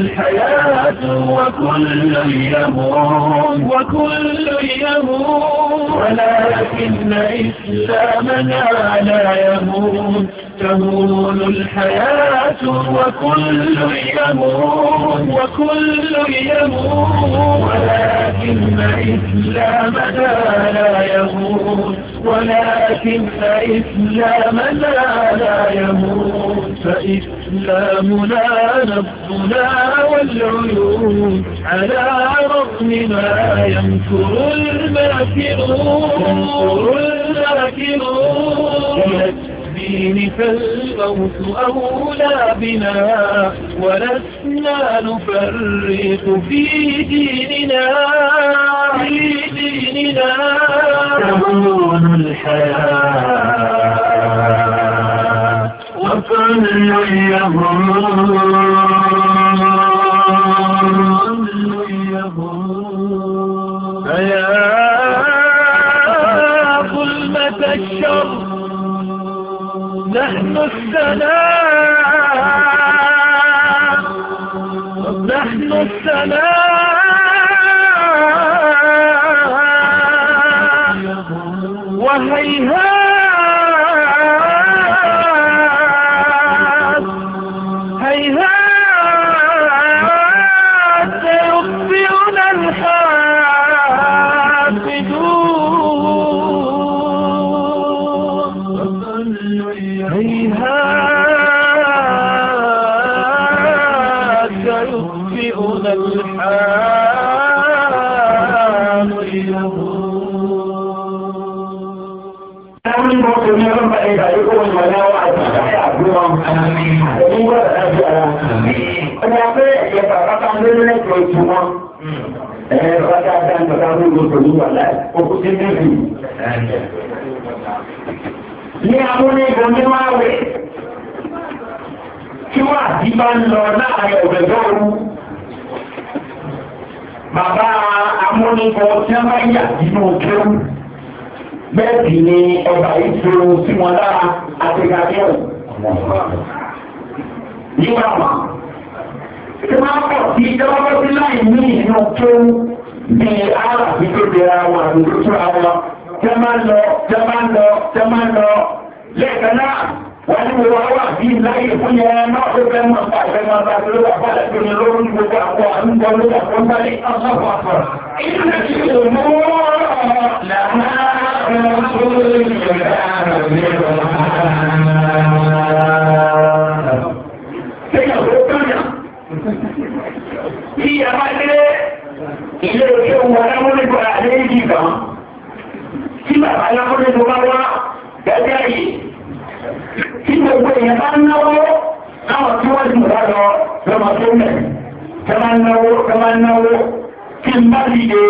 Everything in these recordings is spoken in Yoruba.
الحياة وكل يموت وكل يموت ولكن إسلامنا لا يموت تهون الحياة وكل يموت وكل يموت ولكن إسلامنا لا يموت ولكن إسلامنا لا يموت فإسلامنا نبوت الدنا والعيون على رغم ما ينكر الماكرون الدين فالموت أولى بنا ولسنا نفرق في ديننا في ديننا تهون الحياة وكل يهون الشر نحن السلام نحن السلام وهيهات هيهات يطفئنا الحال له Amin ba ku ne ran ba ai da ko wani wala wa a cikin addu'a amin ni ba da addu'a amin ana ba ya fara kan dole ko kuma eh ba ta dan ta ku ko ni wala ko ku tin ne ní amúnigbò níwáwé tí wọ́n àti bá ń lọ láàrin òbẹ̀gbọ́ ooru bàbá amúnigbò tí wọ́n bá yà nínú kéwù bẹ́ẹ̀ sì ni ọba ìṣòro sí wọn lára àtẹ̀gàdéwò nígbà wọn tí wọ́n pọ̀ sí ìjọba sí láì ní ìnú kéwù bíi ara àti kéde ara wọn àti tẹ́ máa ń lọ tẹ́ máa ń lọ tẹ́ máa ń lọ lẹ́ẹ̀kan náà wà ní gbogbo àwọn àbí láyé fún yẹn náà ó fẹ́ máa bá ìfẹ́ máa bá tó ló bá bá lẹ́tọ́ ní lórí gbogbo àpò àdúgbò ló bá tó ń bá lé ọ̀sọ́fọ̀ àpọ̀. ìdílé ti lè mú Ilé òṣèlú wọn lámúlẹ́gbọ̀n àdéhìí kan tí bàbá alákọ̀ọ́dé tó bá wá gẹ́gẹ́ yìí tí gbogbo èèyàn bá ń náwó láwọn tí wọ́n ti mú wá lọ lọ́mọ tó mẹ̀ tẹ́ máa ń náwó tẹ́ máa ń náwó kí n bá dìde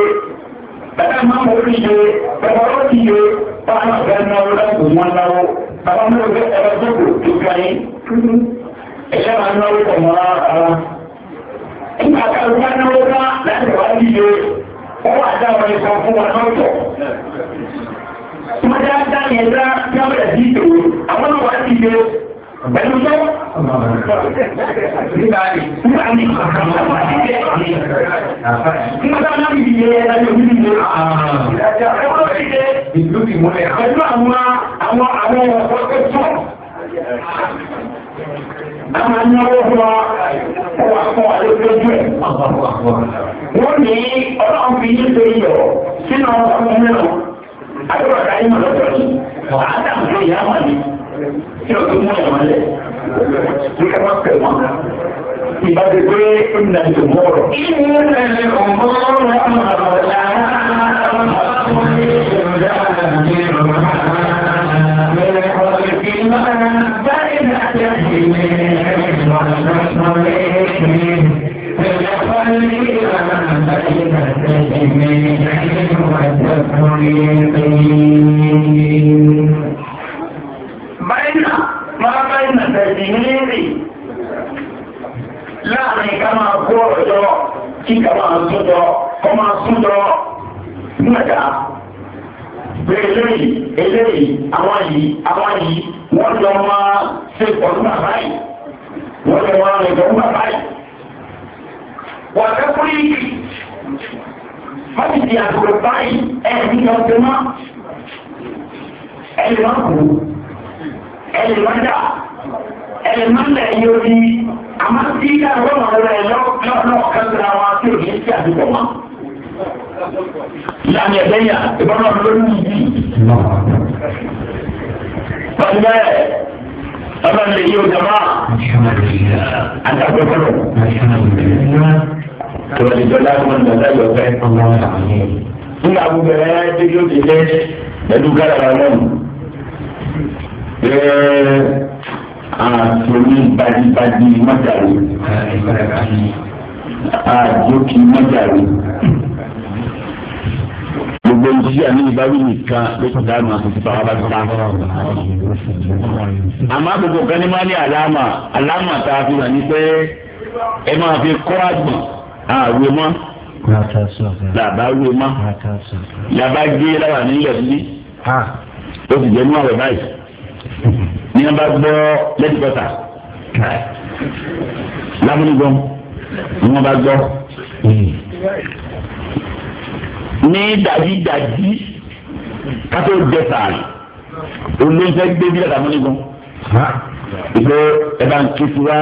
bẹ́ẹ̀ máa mọ̀ dìde bẹ́ẹ̀ ó dìde báwọn ọ̀gá náwó láti wọ́n náwó bàbá mi ò gbé ẹ̀rọ tó kù tó ga yín ẹ̀ṣẹ́ máa náwó pọ̀ mọ́ ara. nígbà tá a gbá náwó bá láti wá dìde ó wà dáwọn ẹ̀kọ́ fún wa náà tọ̀ tí wọ́n dáa dá yẹn dá tí wọ́n bẹ̀rẹ̀ sí ìṣòro àwọn ọmọ wa ti ṣe pẹ̀lú tó. nígbà tí nígbà tí àwọn àti ṣe àmì. nígbà tí wọ́n ti ṣe ẹ̀rọ ìlú ti ṣe. ẹ̀rọ ti ṣe ìlú ti mú ẹ̀. pẹ̀lú àwọn àwọn àwọn ọ̀pọ̀ tó tọ̀. Àwọn anáwó fún ọ, wà fún ọ lójoojú ẹ̀. Wọ́n ní ọlọ́run fi yín ṣe iyọ̀ sínú ọkùnrin náà àdúrà ká yín lọ́dọ̀ yìí wà á dà mí ìyá wà ní tí o tún mú ẹ̀ wọlé ní ká má pè wọ́n. ìbá ti gbé ìnà ìdòmọ́rọ̀. ìnà ìdòmọ́rọ̀ àmàlà. ká máa súnjọ kọ́ máa súnjọ nígbàdá pé eléyìí eléyìí àwọn yìí àwọn yìí wọ́n lọ máa ṣe pọ̀lú bàbá yìí wọ́n lọ máa rìn pọ̀lú bàbá yìí. wọ́n fẹ́ kúrì má ti di àgùrò báyìí ẹ̀ ní ọ̀sẹ̀ náà ẹ̀ lè má kú ẹ̀ dà ẹ̀ lè má lẹ̀ yọrí àmọ́ tí àwọn ọ̀rọ̀ rẹ̀ lọ́ọ̀kan síra wọn tí ò ní sí àdúgbò wọn. Ìlànà ẹ̀dẹ́yà ìbọn náà ló ní ìdí. Pẹ̀lú bẹ́ẹ̀, ọlọ́run lè yí o jàmá. Àdàgbẹ́ fọlọ̀. Tọ́lẹ̀ ìjọba fún ìdàgbà yọ fẹ́. Nígbà gbogbo ẹ̀ débi ó ti pẹ̀lú gáràrà náà àtòrí gbajúgbajú mọ́jàre àjòkì mọ́jàre gbogbo ìṣí àníyàn bá wí nìkan ló ti dáhùn àtúntò bàbá bá ti ta. àmọ́ gbogbo kan ní máa ní àlámà àlámà tá a fi hàn ní pé ẹ máa fi kọ́ àgbọ̀n àwẹ̀ mọ́ làbá wé mọ́ làbá gé láwà nílẹ̀ sílí ó sì jẹ́ nú àwẹ̀ báyìí. Ni wọn bá gbọ́ lẹ́tìkọ́tà lábúlúgbọ́n ní wọn bá gbọ́ ní dàdídàdí Ni dẹ́sàárì olóńfẹ́ gbé bí lẹ́tàmúlúgbọ́n ìgbé ẹ bá ń kí fúra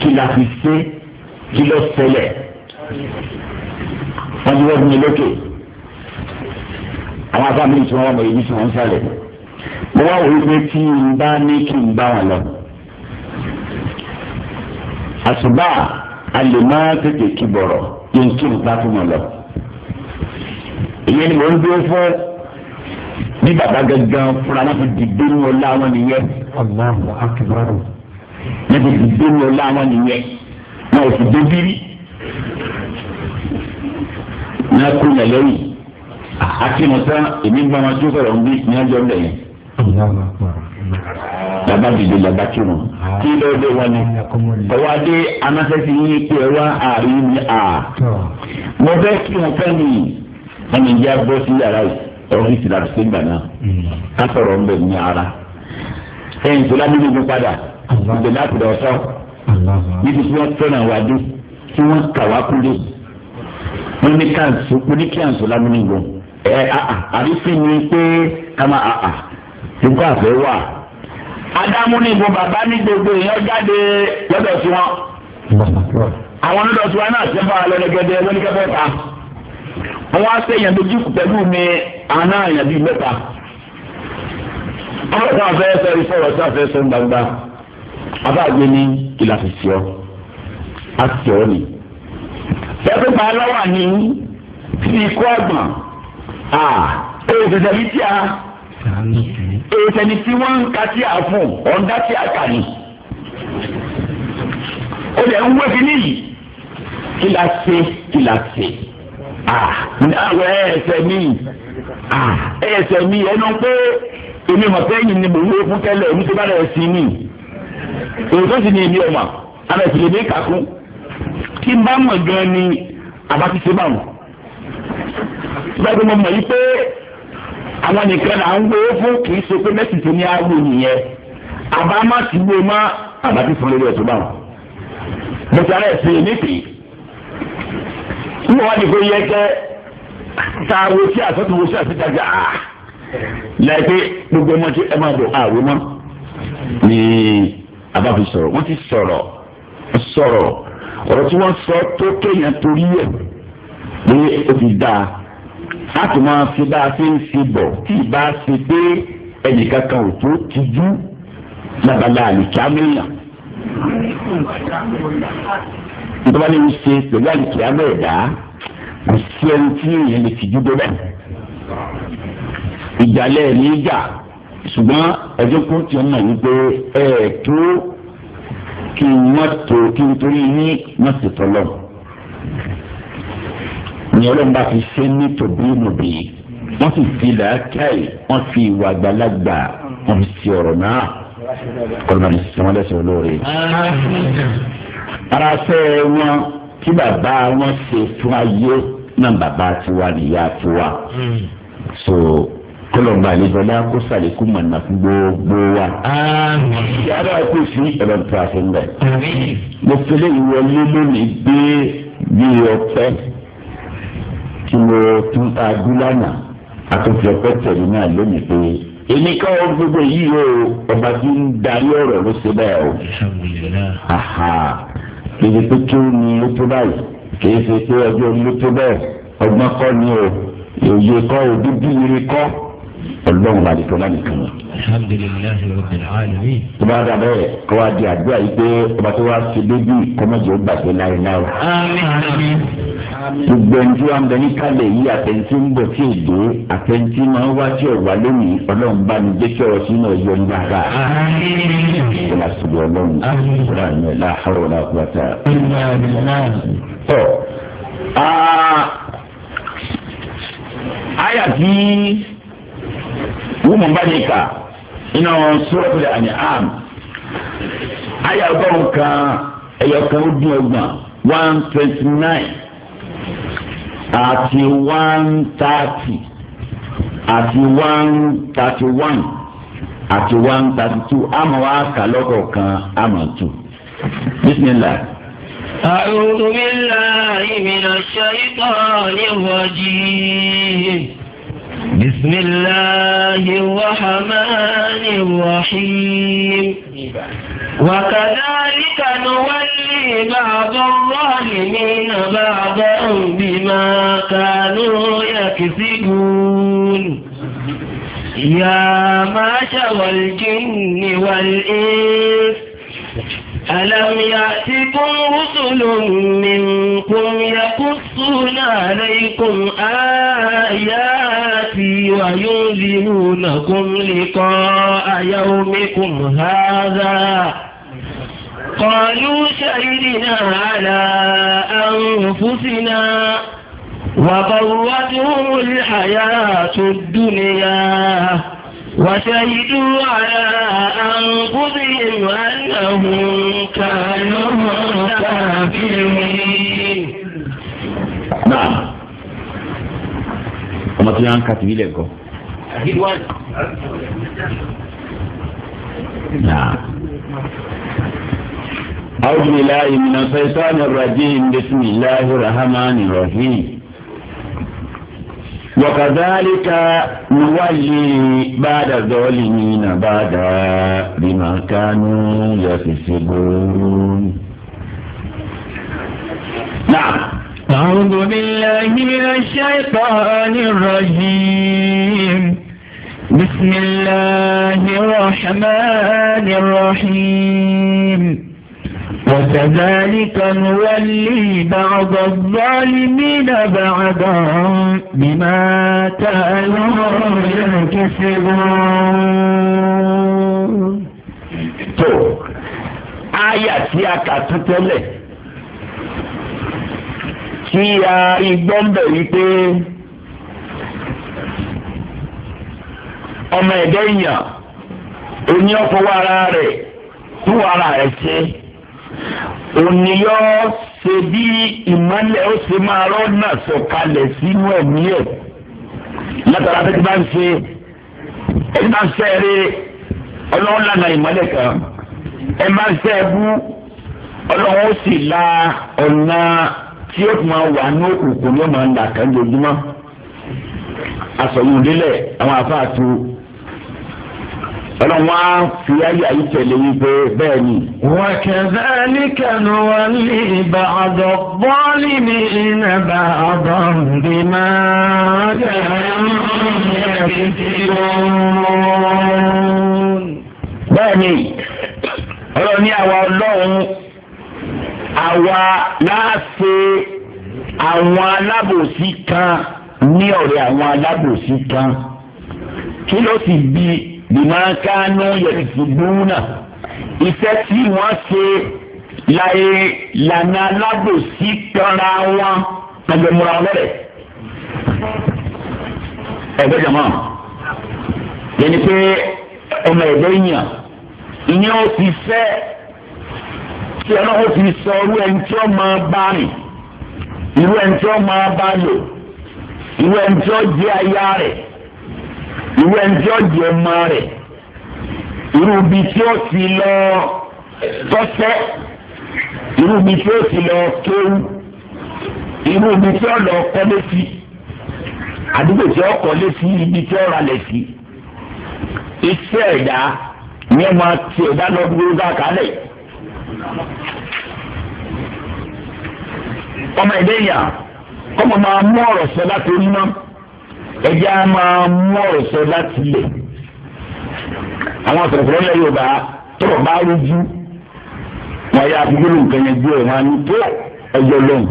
kí la fi ṣe kí lọ ṣẹlẹ̀ wọ́n ti wọ́n fún mi lókè àwọn afáàmì ìṣúná wọn mọ̀ èyí tí wọ́n ń sálẹ̀ mo wá wòye pé tí n bá ní kí n bá wọn lọ. àṣùbà a lè má tètè kí bọ̀rọ̀ kí n kí n bá fún wọn lọ. ìyẹn ni mo ń dúró fún bí bàbá gangan fúnra náà fi dìde ní ọlá wọn nìyẹn. Allahu akbar. náà fi dìde ní ọlá wọn nìyẹn náà ò sì dé bírí náà kú lẹ̀ lẹ́yìn àti mọ̀tán èmi gbọ́n wọn tó sọ̀rọ̀ bí ní ọjọ́ lẹ́yìn bàbá dìde bàbá kí wọn kí ló dé wọn ni ọwọ́ adé anáfẹsí yín pé ẹ wá àárín mi à mo fẹ́ kí wọn fẹ́ mi ẹni jẹ abọ sí yàrá ọfíìsì láti ṣe gbà náà ká sọ̀rọ̀ ń bẹ ní ara ẹ̀yìn tó lábẹ́ gbogbo padà ìgbẹ láti dọ sọ níbi tí wọn fẹ́ràn wá dé tí wọn kà wá kúlé wọn ní káàsó wọn ní kíàsó lábẹ́ gbogbo ẹ àrífín ni pé ká má àà nǹkan àfẹ́ wà. Ádámù ní ìbò bàbá ní gbogbo èèyàn jáde lọ́dọ̀ sí wọn. Àwọn lọ́dọ̀ sí wọn náà ṣe ń bá lọ́dọ̀gẹ́dẹ́ lóníkẹ́fẹ́ ta. Wọ́n á ṣe èèyàn dojú pẹ̀lú mi àná èèyàn bíi mẹ́ta. Àwọn ọ̀sán afẹ́ sọ ìfọ̀rọ̀ sí afẹ́ sọ gbangba. Abáàgbé ní kìlà fìfì ọ́. A ti ọ́ ni. Ẹgbẹ́ pa lọ́wà ní ti ikú ọ̀gbọ̀n. À, èyí ti tẹ̀lé tí a èyí sẹni tí wọ́n ń ka tí a fún ọ̀ǹda tí a kà ní. ó lè ń wé kínní yìí kí la ṣe kí la ṣe. àwọn ẹsẹ̀ mi ẹsẹ̀ mi ẹnu pé èmi mọ̀ pé ẹ̀yìn ni mò ń wé fún tẹ́lẹ̀ èmi tó bá rẹ̀ sí mi. èyí tó sì ní èmi ọ̀mà àbẹ̀ sì lè dé kàkún. kí n bá mọ̀ gan ni àbá ti ṣe báwọn. báyìí mo mọ̀ yí pé àwọn nìkan là ń gbé fún kì í ṣe pé mẹ́sì tó ní àwò nìyẹn àbá má ti gbé má àbá ti fún lórí ẹ̀tún báwọn. mo sáré ẹ̀ ṣe nípì níwọ̀n ni kò yẹ kẹ́ ta wo sí àtọ́tún wo sí àtìjáde à lẹ́ẹ̀pẹ́ gbogbo ọmọ tí ẹ máa dùn àwò mọ́ ni àbá fi sọ̀rọ̀ wọ́n ti sọ̀rọ̀ sọ̀rọ̀ ọ̀rọ̀ tí wọ́n sọ tó kéèyàn torí ẹ̀ pé ó ti dáa a tún máa fi bá a fi ń fi bọ̀ tí ì bá a fi pé ẹnìkan kan ò tó tijú lábala àlìkámẹ́yà. ìjọba ní í ṣe pẹ̀lú àlìkámẹ́ ẹ̀dá kò sí ẹni tí èèyàn lè tijú débẹ̀. ìjàlẹ̀ ní ìjà ṣùgbọ́n ẹjọ́ kó tiẹ̀ mọ̀ wípé ẹ̀ tó kí n má tó kí n torí ní má ṣètò lọ́wọ́ ni ọlọ́run bá fi ṣe ní tòbí nùbí wọ́n sì fi làákàyè wọ́n fi ìwà àgbàlagbà wọ́n fi ṣe ọ̀rọ̀ náà kọlọ́mọdé sọ́wọ́n lẹ́sẹ̀ olóore. ara sẹ́ wọn tí bàbá wọn ṣe fún ayé náà bàbá tiwa nìyá tiwa. so kọlọmba àlejòlá kó sàlékún mọ̀nà fún gbogbo wa. yàrá kò sí ẹ̀rọ tó a mo fẹ́lẹ́ ìwọlé lónìí gbé bí ọpẹ́ tí mo tún ta dúlànà àtúnfi ọpẹ́ tẹlẹ náà lónìí pé èmi ká ọ gbogbo yìí o ọba tí ń darí ọ̀rọ̀ ló ṣe bẹ́ẹ̀ o kéde pé kí ó ní ó tó báyìí kìí ṣe pé ọjọ́ orí ló tó bẹ́ẹ̀ ọgbọ́n kọ́ ni o òye kọ́ o dúdú ire kọ́ ọlọ́run àdìtọ́ náà nìkan ni. alhamdulilayi tó bá dà kó wá di àdúrà yìí pé ọba tó wá ṣe débi kọ́mọ̀jì gbàgbé láyé náà gbogbo ẹni tí wàá ń bẹ ní kálẹ̀ yìí àtẹ̀ntì ń bọ̀ tí èdè àtẹ̀ntì máa ń wá tí ọ̀wá lónìí ọlọ́run bá mi gbé tí ọ̀rọ̀ sínú ọ̀yọ́ ní bàbá. ìlà sọ̀rọ̀ ọlọ́run ìlà mi ìlà àárọ̀ ọ̀la àgbàtà. tọ́ àyà tí wọ́n mọ̀ bá ní kà iná sọ́ọ̀tì àmì àm àyà ọgọ́rùn-ún kan ẹ̀yọ̀ kan ó dín ọgbọ̀n one twenty nine àti one thirty àti one thirty one àti one thirty two àmọ́ wa kà lọ́kọ̀ọ̀kan àmọ́ tù bisimilah. أعوذ بالله من الشيطان الرجيم بسم الله الرحمن الرحيم وكذلك نولي بعض الظالمين بعضا بما كانوا يكسبون يا ماشى والجن والإنس ألم يأتكم رسل منكم يقصون عليكم آياتي وينذرونكم لقاء يومكم هذا قالوا شهدنا على أنفسنا وضرتهم الحياة الدنيا وشهدوا على أنفسهم أنهم كانوا كافرين نعم ọmọ tí wọn ń kàtí ilé ẹ̀kọ́. أعوذ بالله من الشيطان الرجيم بسم الله الرحمن الرحيم وكذلك نولي بعد الظالمين بعد بما كانوا يفسقون نعم أعوذ بالله من الشيطان الرجيم بسم الله الرحمن الرحيم وكذلك نولي بعض الظالمين بعضهم بما كانوا يكسبون tó àyà tí a kà tún tẹ́lẹ̀ tí a igbó ń bẹ̀ wípé ọmọ ẹ̀dẹ́ èèyàn oní ọ̀fọwọ́ ara rẹ̀ tú ara rẹ̀ ṣe òníyọ́ ṣe bí ìmọ́lẹ̀ ó ṣe máa rọ́nà sọ̀kalẹ̀ sínú ẹ̀mí ẹ̀ látara pé tí bá ń ṣe ẹni bá ń ṣe eré ọlọ́run lànà ìmọ́lẹ̀ kan ẹ máa ń ṣe ẹbú ọlọ́run ó sì la ọ̀nà tí ó máa wà ní òkùnkùn ló máa ń là kán lójúmọ́ àsọ̀yìn àwọn àfáà tó ọlọ́run wá fi ayé ayé tẹ̀lé wípé bẹ́ẹ̀ ni. wa kadhalika nuwalli ba'da adh-dhalimina ba'dan bima kanu yaksibun. bẹ́ẹ̀ ni ọlọ́run ní àwa ọlọ́run àwa láàṣẹ àwọn alábòsí kan ní ọ̀rẹ́ àwọn alábòsí kan kí ló sì bíi bìmọ̀ kánú yẹ̀sùgbúnà iṣẹ́ tí wọ́n ṣe láyé lànà alábòsí kanra wọn agbẹmúra lọ́rẹ̀. ẹgbẹ́ jọ̀mọ́ yẹni pé ọmọ ẹ̀gbẹ́ yàn ìyẹn ó ti fẹ́ tí ọlọ́run ti sọ irú ẹni tí ó máa bá rìn irú ẹni tí ó máa bá lò irú ẹni tí ó jẹ́ aya rẹ̀ ìwé ẹni tí ó di ọmọ rẹ̀ irú ibi tí ó ti lọ tọ́sẹ́ irú ibi tí ó ti lọ kéwú irú ibi tí ó lọ kọ́lé sí àdúgbò tí ó kọ́lé sí ibi tí ó ralẹ̀ sí iṣẹ́ ẹ̀dá ní ọmọ tí ẹ̀dá lọ dúró dá kálẹ̀. ọmọ ẹ̀dẹ́yà kọ́mọ máa mú ọ̀rọ̀ sọ láti onímọ̀ ẹjẹ́ a máa mú ọ̀rọ̀ sọ láti lẹ̀ àwọn ọ̀sọ̀rọ̀sọ̀rọ̀ ilẹ̀ Yorùbá tọ̀rọ̀ bá rújú wọn yà fi gbólóhùn kan yẹn gbé ẹ̀ wọn á ní tó ẹjọ́ lọ́hùn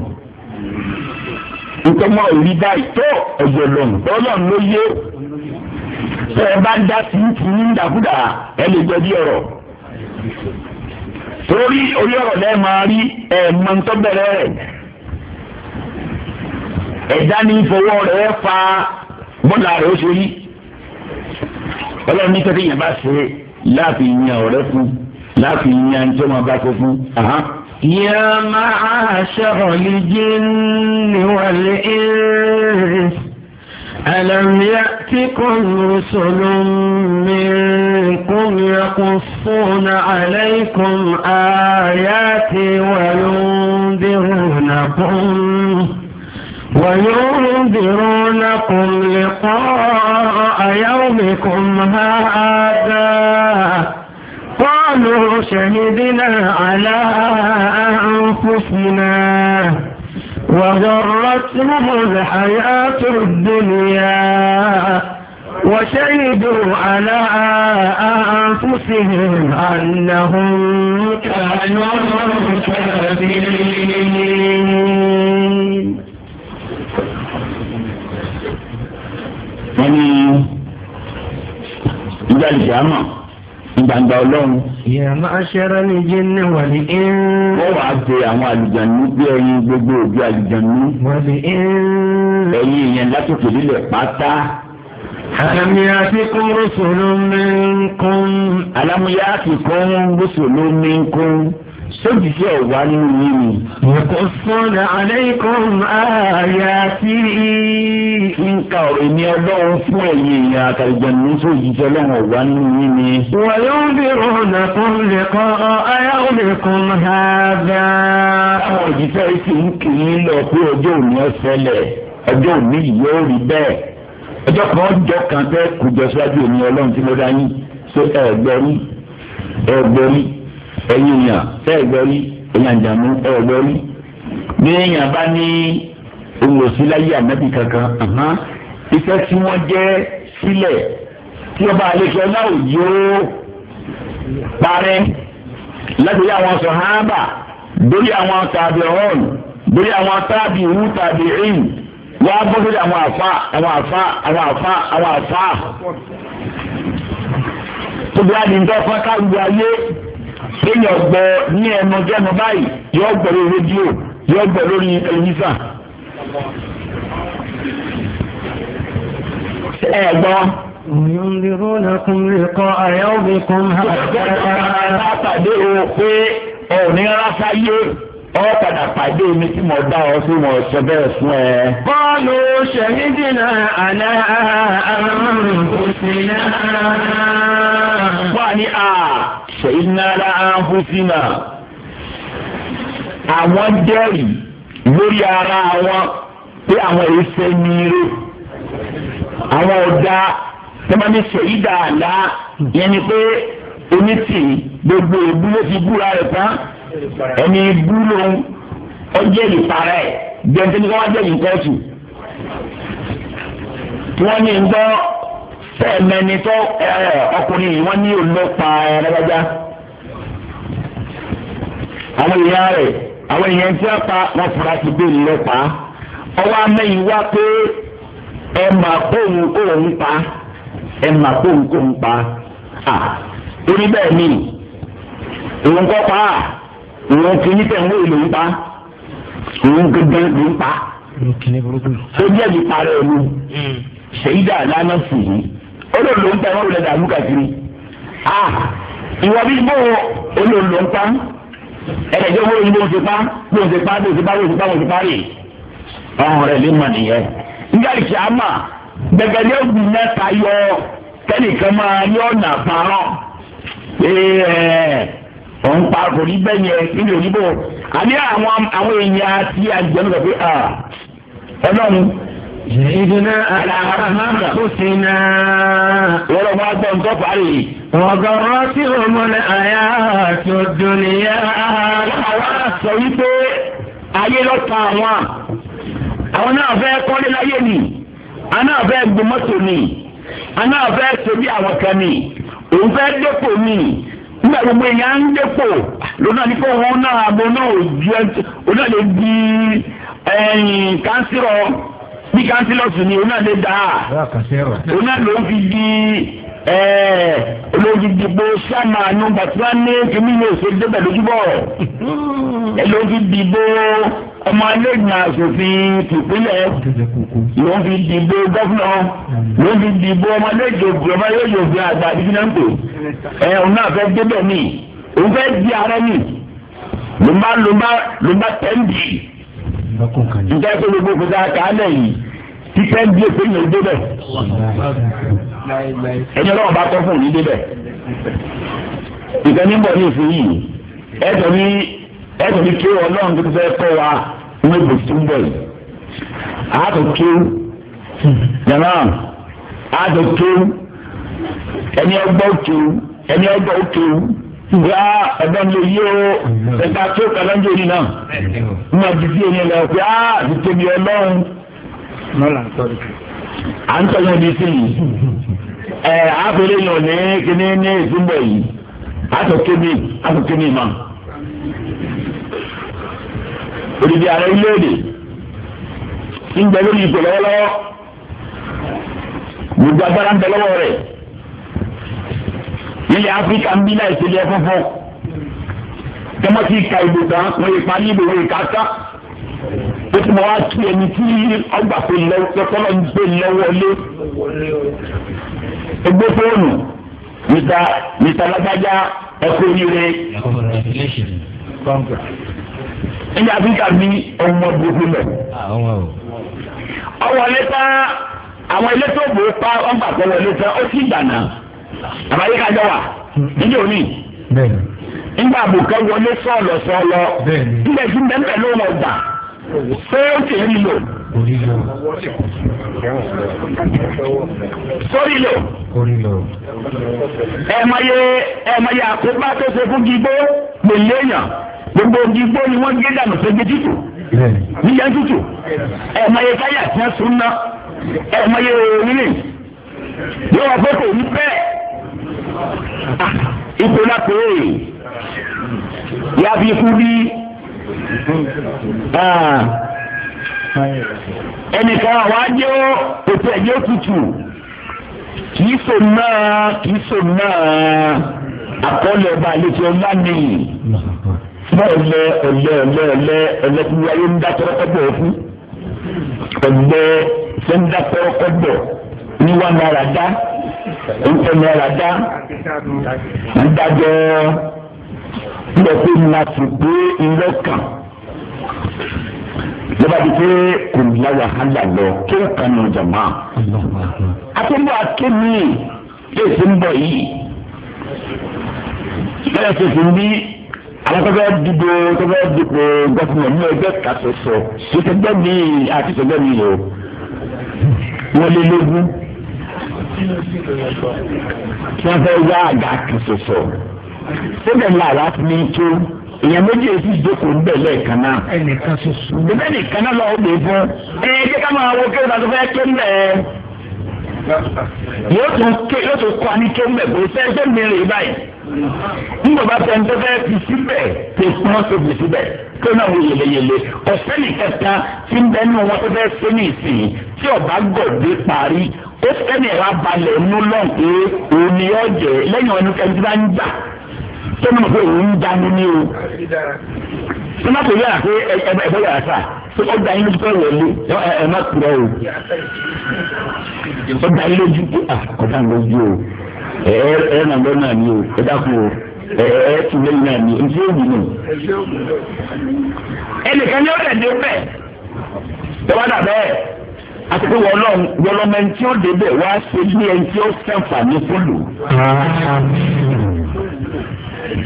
nítorí wọn ò rí báyìí tó ẹjọ́ lọ́hùn tọ́lọ́ ló yé tẹ ẹ bá dá sí ti ní dàkúdà ẹ lè jẹ bí ọ̀rọ̀ torí orí ọ̀rọ̀ lẹ máa rí ẹ mọ ntọ bẹ̀rẹ̀ rẹ ẹ̀dá ní ìfowó rẹ fa bọ́lá rẹ̀ ó ṣe rí ọlọ́run ní kẹ́kẹ́ yẹn bá ṣe láàfin yan ọ̀rẹ́ fún láàfin yan tó máa bá kó fún. يا معاشر الجن والإنس ألم يأتكم رسل منكم يقصون عليكم آياتي وينذرونكم وينذرونكم لقاء يومكم هذا قالوا شهدنا على أنفسنا وغرتهم الحياة الدنيا وشهدوا على أنفسهم أنهم كانوا كافرين wọ́n ní ìgbà ìjàmọ̀ gbangba ọlọ́run. yàrá aṣẹ́rẹ́ ní jẹ́nà wà ní ẹ́ẹ́n. wọ́n wàá pe àwọn àlùjànnú bí ẹyin gbogbo òbí àlùjànnú. wà ní ẹ́ẹ́n. ẹyin yẹn látòkè lílẹ̀ pátá. àlàmúyá ti kún rúṣùlùmí kún. àlàmúyá ti kún rúṣùlùmí kún sójì sí ọ̀wá nínú yín ni. Kò sọ́nà alaykum ayati. Nǹka ọ̀rọ̀ ni ọlọ́run fún ẹ̀yìn èèyàn àtàlùjọ́nù ní sójì sí ọlọ́run ọ̀wá nínú yín ni. Wà yóò bí ọ̀nà kan lè kọ́ ayá ò lè kún hàdá. Àwọn òjíṣẹ́ ìsìn ń kì í lọ pé ọjọ́ òní ọ̀sẹ̀lẹ̀, ọjọ́ òní yóò rí bẹ́ẹ̀. Ọjọ́ kan jọ kan tẹ́ kùjọ síwájú òní ọlọ́run tí mo dá yín. Ṣé ẹ̀gbẹ́rí? ẹ̀gbẹ́rí ẹ̀yin èèyàn sẹ́ẹ̀gbẹ́rí èèyàn jàmú ẹ̀ẹ́gbẹ́rí bí èèyàn bá ní olùsíláyé ànábì kankan iṣẹ́ tí wọ́n jẹ́ sílẹ̀ tí ọba àlejò náà yóò parẹ́ láti rí àwọn sọ̀háábà lórí àwọn tàbí ọ̀hún lórí àwọn tàbí ìwú tàbí ìhìn wọ́n á bọ́ sórí àwọn àfa àwọn àfa àwọn àfa àwọn àfa tóbi á di ayé. èèyàn gbọ́ ní ẹnu jẹ́nu báyìí yóò gbọ́ lórí rédíò yóò gbọ́ lórí tẹlifíṣàn. ẹ gbọ́. Yundirúnakun lèkọ́ àyọ̀bìkún ha. Látàdé o pé ọ̀ní rásá yé ọ pàdé mi tí mo dá ọ sí mo sọ bẹ́ẹ̀ fún ẹ. Bọ́ọ̀lù ṣẹ̀yìn dìnnà àná àrùn kò sí náà. àfáà ní à ṣe iná ara ahùn sínà àwọn jẹ́rìí lórí ara wọn pé àwọn èsè níire àwọn ọ̀dà tó máa ní ṣèyídà àlá yẹn ni pé onítì gbogbo ìbú ló fi búra rẹ̀ tán ẹni ibú lòun ọjẹ́ ìparẹ́ jẹ́ntẹ́ni kọ́ wá jẹ́ ìkọ́tù wọ́n ní ń gbọ́. sẹ́ẹ̀mẹ́ni tó ọkùnrin yìí wọ́n ní olópa ẹ̀rẹ́gbẹ́já àwọn ìyá rẹ̀ àwọn èèyàn tí wọ́n pa fura ti ọwọ́ amẹ́yìn wá pé ẹ mà kóhun kóhun pa ẹ mà kóhun kóhun pa orí bẹ́ẹ̀ ni òun kọ́ pa òun olóòlò ń ta ẹ má wulẹ̀ dàlú kàkiri ah ìwọ bí bó olóòlò ń pa ẹ̀ẹ́dẹ̀jọ́ wo ni bó ń ti pa bó ń ti pa bó ń ti pa bó ń ti pa bó ń ti pa rè ọ̀hún rẹ̀ lè mà nìyẹn nígbà tí a mà gbẹgbẹ ní ogun mẹ́ta yọ kẹ́nìkan máa ní ọ̀nà àpárọ̀ ẹ̀ẹ́ òun pa kò rí bẹ́ẹ̀ yẹn níbi òyìnbó àní àwọn àwọn èèyàn àti àjẹmọ́ sọ pé ọlọ́run. شهدنا على رحمة حسنا ولو ما تنطف عليه وضرتهم الآيات الدنيا àwọn àwọn náà kọ́lé láyé ni mọ́tò ni àwọn kan ni òun dépò ni nígbà gbogbo ń dépò lónà bí kánsílọ̀sì ni òun náà lè dá òun náà ló fi di olórí dìbò sàmánú bàtúrà ní kìmí ní òsè débẹ̀ lójúbọ̀ olórí hmm. dìbò ọmọ alẹ́gbọ̀n asòfin tìpínlẹ̀ ló fi dìbò gọ́fúnà hmm. ló fi dìbò ọmọ alẹ́gbọ̀n ọmọ alẹ́gbọ̀n àgbà àdìgbìnàǹtò ẹ̀ òun náà fẹ́ débẹ̀ ní òun fẹ́ di ara ní ló bá ló bá ló bá tẹ̀ ń dì í njẹ́ kí gbogbo kúta kálẹ̀ yìí títẹ́ bí èpè yẹn débẹ̀ ẹni ọlọ́run bá tọ́ fún òní débẹ̀ ìkànnì ń bọ̀ ní ìfún yìí ẹ̀tọ́ ní ẹ̀tọ́ ní kí ọlọ́run tó ti fẹ́ kọ́ wa ní ibùsùn bọ̀ yìí àtòkè yàrá àtòkè ẹni ọgbọ́ òkè ẹni ọgbọ́ òkè. gba ẹgbẹ́ mi yí o ẹ̀ka tó kàlá ń jẹ́ òní náà ẹni ẹ̀ lọ pé á à ń tọ́jú sí yìí yàn ní kíní ní ìdúgbò yìí àtọ̀kẹ́ mi àtọ̀kẹ́ mi mà. òdìdí ààrẹ èdè ń lórí lọ́wọ́lọ́wọ́ gbogbo agbára ń bẹ lọ́wọ́ rẹ̀. ilẹ̀ áfíríkà ń bí láì ṣẹlẹ̀ fúnfún tẹmọ́ ti ka ìbò tán wọ́n yẹ pa níbo wọ́n yẹ ká tá ó ti mọ wá kí ẹni tí ọgbà pé lọ́tọ́lọ́ ń gbé lọ́wọ́lé ẹgbẹ́ fóònù mr mr lágbájá ẹkọ rire ilẹ̀ áfíríkà bí ọmọ burúkú lọ ọwọ́ lẹ́tà àwọn elétò òbò pa ọgbà pọ̀ wọlé tán ó sì dànà àbáyé kájọ wà jíjẹ òní nígbà àbùkẹ́ wọlé sọ̀lọ̀ sọ̀lọ̀ ilẹ̀ tí bẹ́ẹ̀ ló lọ gbà pé ó ti rí lò sórí lò ẹ̀mọye ẹ̀mọye àkóbá tó ṣe fún gígbó pèlè èèyàn gbogbo gígbó ni wọ́n gé dànù pé gé títù níyà tútù ẹ̀mọye káyà tí wọ́n sún ná ẹ̀mọye òrìlì yóò wá pé kò ní bẹ́ẹ̀ ipò lápè yàbí ikú bí ẹnìkan àwọn ajé òtún ẹ̀jẹ̀ òtútù kìí so náà kìí so náà àkọọ́lẹ̀ ọba àlejò ọlá nìyí fún ọlẹ ọlẹ ọlẹ ọlẹ ọlẹ tí wáyé ń dá tọrọkọbọ fún ọlẹ tí ń dá tọrọkọbọ ní wà náírà dá ìtẹ̀mí ọ̀la dá ìdájọ́ ńlọpẹ́ ńláṣù pé ńlọ́kàn lọ́ba di pé kò ní la wàhálà lọ kí n kàn ní jàmá. akébọ̀ akémi lè ṣe ń bọ̀ yìí bẹ́ẹ̀ ṣe fi bí àwọn tó fẹ́ dìbò tó fẹ́ dìbò gọ́fìnà ní ẹgbẹ́ kàṣọṣọ ṣètò gbẹ́mí àti ṣètò gbẹ́mí yìí o wọ́n lé lógún kí wọ́n fẹ́ yá àga kan ṣoṣo síbẹ̀ ńlá láti ní tó èèyàn méjì èsì ìjókòó ń bẹ̀ lẹ́ẹ̀kan náà. ẹnìkan ṣoṣo. bíbẹ́ nìkan náà lọ́wọ́ gbé fún. ẹ jẹ́ ká máa wo kéwòn àti fẹ́ ké mbẹ́. yóò tún ké yóò tún kọ́ ní ké mbẹ́ kò sẹ́ ṣé mi rè báyìí. nígbà bá fẹ́ tó fẹ́ fi síbẹ̀ tó pọ́n tó fi síbẹ̀ tó náà wọ yẹlẹyẹlẹ ọ̀sẹ́ nìkan tí ń bẹ́ẹ̀ nù wọn tó fẹ́ sẹ́ni ẹnì wa balẹ̀ nínú lọ́n pé òun ni yóò jẹ lẹ́yìn ọdún kẹ́ntì bá ń jà tó mọ̀ pé òun ń dání ní o. tó má pè yàrá pé ẹ̀fọ́ yàrá sà tó ó dání lójú pé wọlé ẹ má kúrọ̀ o. ó dání lójú pé ọ̀dà ah, ń lójú o ẹ ẹ nàgbọ́ náà ni o ẹ dákun o ẹ ẹ tún lẹ́yìn náà ni ntí èyí nù. ẹnìkan ni ó rẹ̀ dé bẹ́ẹ̀ tọ́wọ́ dà bẹ́ẹ̀ àti pé wọlọ́n wọlọ́mọ ẹni tí ó débẹ̀ wá ṣe ní ẹni tí ó ṣàǹfààní fúlù.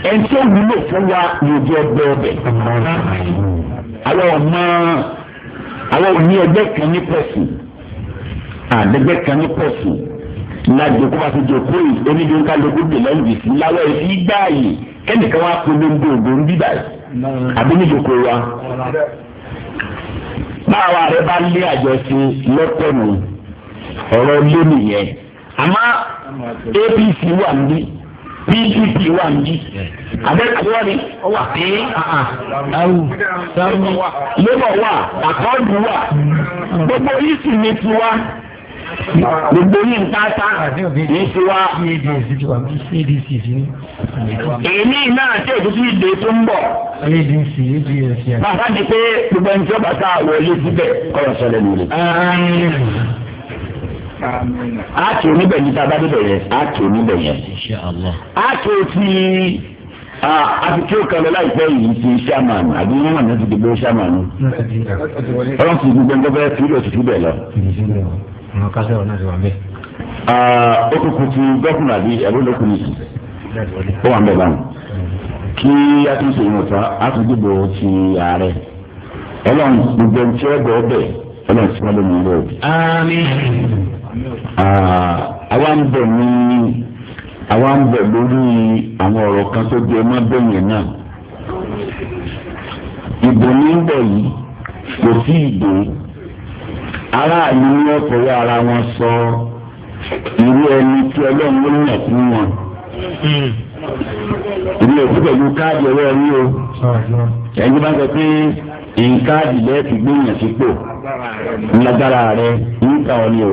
ẹni tí ó wúlò fún wa lòdì ọgbẹ ọbẹ. àwọn ọmọ àwọn òní ẹgbẹ́ kan ní pẹ̀sì àdẹgbẹ́ kan ní pẹ̀sì lájòkó bá ti jòkó yìí oníbi ń kálukú dè lẹ́yìn sí láwọ́ ẹ̀ sí gbáàyè kẹ́nìkan wá polongo ògùn bíbáyì àbí níjòkó wa. báwa rẹ bá lé àjọṣe lọ́pọ̀ nù ọ̀rọ̀ lé nìyẹn àmọ́ APC wà níbí PDP wà níbí abẹ́kọ̀ọ́ ni ọwà pé ah, ah. labour wà àkọọ́dù wà mm. gbogbo yìí sì ní tiwa. gbogbo yìí nǹkan ta ah, ní tiwa. èmi náà tí òtútù ìdè tó ń bọ̀. bàbá mi pé gbogbo ẹni tí ó bá ta wọlé síbẹ̀ kọ́ra sọlẹ̀ lórí. a tò níbẹ̀ níta bá débẹ̀ yẹn a tò níbẹ̀ yẹn. a tò ti àfikí òkàlẹ̀ láìpẹ́ yìí ti ṣàmàn àbí níwọ̀n náà ti dìbò ṣàmàn. ọlọ́run ti gbogbo ẹni tó fẹ́ fi lọ́ọ̀tì síbẹ̀ lọ. àwọn ọ̀nà ti wà mẹ́. ó kúkú ti ẹ̀rọ ó wà kí a ti ṣe ìwọ̀nta a ti dìbò ti ààrẹ ọlọ́run gbogbo ẹni tí ó bọ̀ ọbẹ̀ ọlọ́run ti wọ́n lómi rẹ̀ àwa ń bọ̀ ní àwa ń bọ̀ lórí aráàlú ni wọ́n fọwọ́ ara wọn sọ irú ẹni tí ọlọ́run ló yàn fún wọn. èmi ò sí pẹ̀lú káàdì ọwọ́ ẹni o ẹni bá sọ pé nkáàdì bẹ́ẹ̀ ti gbóyàn sípò ńlágbára rẹ níta ọ ni o.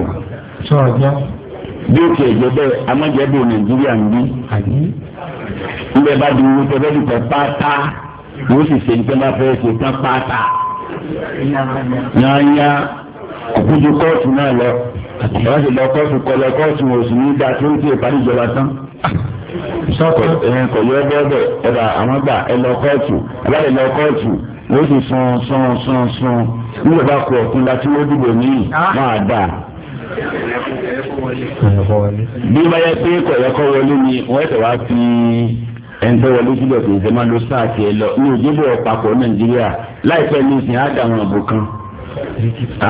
bí ó tiẹ̀ jẹ́ bẹ́ẹ̀ amájẹ́bò nàìjíríà ń bí ńbẹ bá di owó tẹ bẹ́ẹ̀ dùkọ̀ pátá yóò sì ṣe ní pẹ́ bá fẹ́ ṣe tán pátá. yáyá àkójú kóòtù náà lọ wọ́n sì lọ kóòtù kọlọ kóòtù wọn sì ní dá tó ń tiẹ̀ parí ìjọba tán. sọ́kọ̀ ẹ̀yìn kò yọ bẹ́ẹ̀ ẹ̀dà àwọn gbà ẹ lọ kóòtù abáyé lọ kóòtù ló sì sun sun sun sun nígbà bá kú ọ̀kun láti wọ́n dìbò níyì máa dà. bí wọ́n yẹ pé kọ̀yọ́kọ́ wọlé ni wọ́n tẹ̀ wá fi ẹnitọ́ wọlé sílẹ̀ kò ìfẹ́ máa lo sáà tiẹ̀ lọ ní òjòbó ọ̀pàpọ̀ Nàìjíríà láìpẹ́ ní ìsìn àdàwọn àbò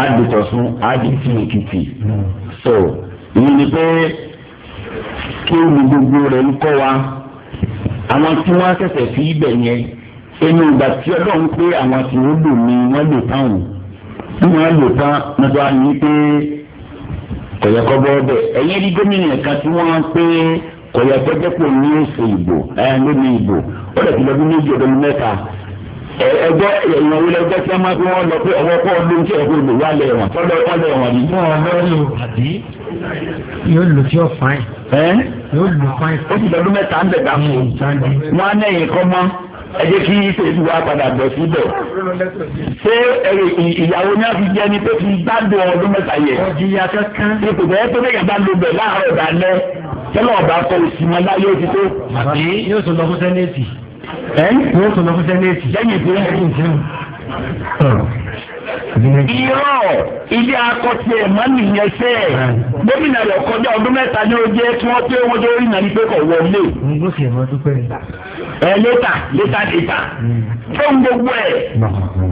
àdìtọ̀sún àdìtì èkìtì so ìyẹn ni pé kí omi gbogbo rẹ̀ ń kọ́ wa àwọn tí wọ́n ṣẹ̀ṣẹ̀ fi ibẹ̀ yẹn inú ìgbà tí ọlọ́run pé àwọn tí wọ́n lò ní wọ́n lò táwọn tí wọ́n lò nípa ní pé kọ̀yọ̀kọ́ bọ́ ẹ̀yẹ́ rí gómìnà kan tí wọ́n pé kọ̀yọ̀kọ́ ní ìbò ẹ̀ ìbò ó ẹgbẹ́ èèyàn wọlé ẹgbẹ́ tí wọ́n máa fi wọ́n lọ pé ọwọ́ kọ́ ló ń tẹ̀ ẹ̀kọ́ lò wá lẹ̀ wọ̀n tọ́lọ̀ ẹ̀kọ́ lẹ̀ wọ̀n yìí. wọn lọ́ọ̀lù àbí yóò lò tí yóò fain. ẹ yóò lò fain. ó ti dọdún mẹ́ta ń bẹ̀gbà mú un. wọn á nẹ̀yìn kọ́ mọ́ ẹ jẹ́ kí ṣèṣù wa padà bọ̀ síbẹ̀. ṣé ìyàwó náà fi jẹ́ ni pé fi gbádùn ọdún mẹ́ta yẹ. ọ̀jìyà kankan. ipò bẹ́ẹ̀ tó bẹ́ẹ̀ bá lo bẹ̀ láàárọ̀ dalẹ́ tẹ́lọ̀ ọ̀bà kọ òsì mọ́ láyé òtítọ́. àbí yóò tún lọ fún sẹ́nẹ̀tì. ẹ ní o tún lọ fún sẹ́nẹ̀tì lẹ́yìn ìpínlẹ̀ ẹ̀yìn ìṣẹ́nu. Irọ́ ilé akọ́tí ẹ̀ máa nìyẹn sẹ́ ẹ̀. Gómìnà rẹ̀ kọjá ọdún mẹ́ta ní ó jẹ́ kí wọ́n pé wọ́n tó rí nàní pé kò wọlé. Ẹ létà Fóun gbogbo ẹ̀.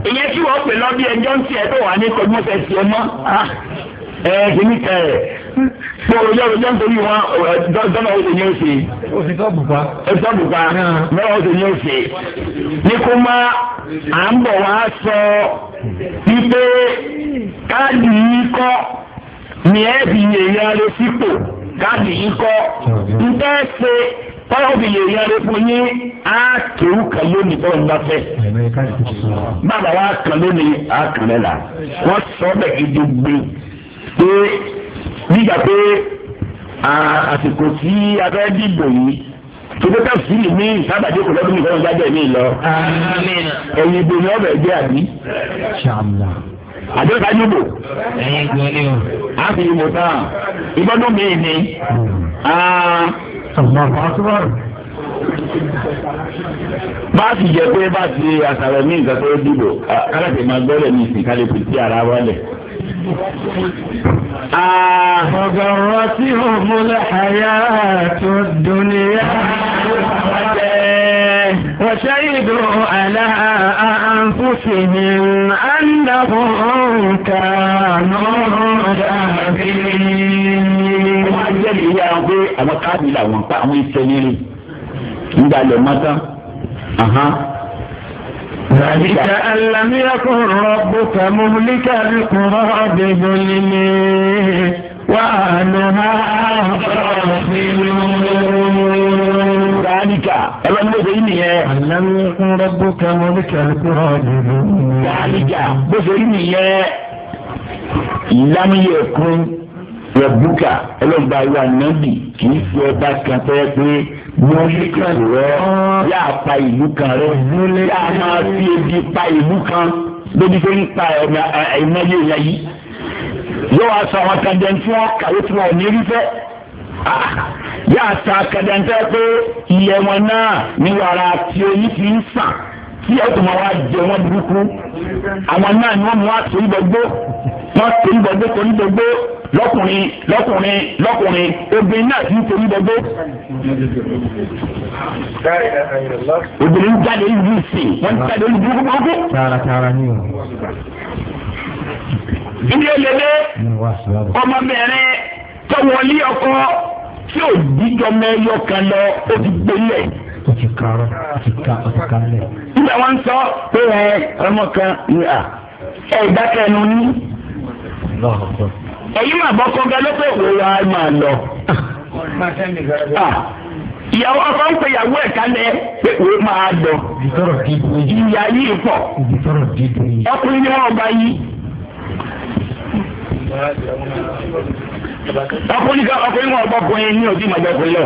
Ìyẹn tí wọ́n pè lọ́bí ẹjọ́ ń tó wà ní kọjú mọ́. Ẹ Mo rò jẹ́ òjò nítorí wọn dọ́là ó ṣe ní òṣè. Òṣìṣẹ́ bùpá. Òṣìṣẹ́ bùpá. Mẹ́wàá ó ṣe ní òṣè. Ní kó má à ń bọ̀ wá sọ wípé káàdì yìí kọ́ ni ẹ fi yèèyàn lè sípò káàdì yìí kọ́. N tẹ́ ṣe tọ́wọ́ fi yèèyàn lè fún yín á kéwù kan lónìí bọ́ọ̀ ń bá fẹ́. Bàbá wa kan lónìí á kàn lẹ́la. Wọ́n sọ bẹ́ẹ̀ gidi gbé pé nígbà pé àsìkò tí abẹ́ dìbò yìí tòbó ká fìlì mí sábàdé kò lọ́dún nìkan ọ̀gá bẹ́ẹ̀ mi lọ. ẹ̀yin ìbò ni ọbẹ̀ jẹ́ àbí. àdéhùn ká yóò bò. a fi ìbò tán ìbọnú mi ni. bá a sì jẹ pé bá a ti àṣàrò mí nǹkan tó dìbò kálá ti máa gbọ́dọ̀ ní ìsìn kálí fi sí ara wálẹ̀. وغرتهم الحياة الدنيا وشهدوا على أنفسهم أنهم كانوا كافرين wọ́n á jẹ́rìí ilé àwọn pé àwọn káàdì làwọn pa àwọn ìṣẹ́yìn rí nígbà lè mọ́tán. ذلك أن لم يكن ربك مهلك القرى بظلم وأنها ذلك ألم يكن أن لم يكن ربك مهلك القرى بظلم ذلك بظلم لم يكن rẹ̀bùkà ọlọ́mọba ìwà nàbì kì í fi ọba kan fẹ́ pé mo ní kan rẹ yáa pa ìlú kan rẹ yáa máa fi ebi pa ìlú kan lóbi tó ń pa ẹ̀mẹ́yẹ ìyá yìí yóò wá sọ àwọn kàndẹ̀ǹ tí wọ́n kàwé tí wọ́n ò ní rí fẹ́ ah, yáa sa kàndẹ̀ǹ tẹ́ pé ìyẹ̀wọ̀n náà ní wàrà tí oyin ti ń sàn tí ẹ tún wá jẹ wọn burúkú àwọn náà ni wọn mú wá tó ibẹgbó wọn tó ibẹgbó tó ibẹgbó lọkùnrin lọkùnrin lọkùnrin obìnrin náà ti ń torí gbogbo. obìnrin ń jáde ìlú ìsìn wọn ń jáde ìlú burúkú burúkú. tààrà tààrà ni o. ilé lele ọmọbìnrin tó ọkọ tí ò díjọ mẹ́yọ kan lọ ó ti gbélé ó ti karọ́ ó ti ka ó ti ka lẹ̀. nígbà wọn sọ pé ẹ ọmọ kan ni à ẹ ìdákẹ́nu ní. ẹ̀yin máa bọ́ kọ́ńgá ló pé òwe wa máa lọ. ìyàwó ọkọ ń pe ìyàwó ẹ̀ kálẹ̀ pé òwe máa lọ. ìyá yìí pọ̀ ọkùnrin ni wọ́n bá yí ọkùnrin kan ọkùnrin wọn ọgbọkùnrin ní ojú ìmọ̀jọkùnrin lọ.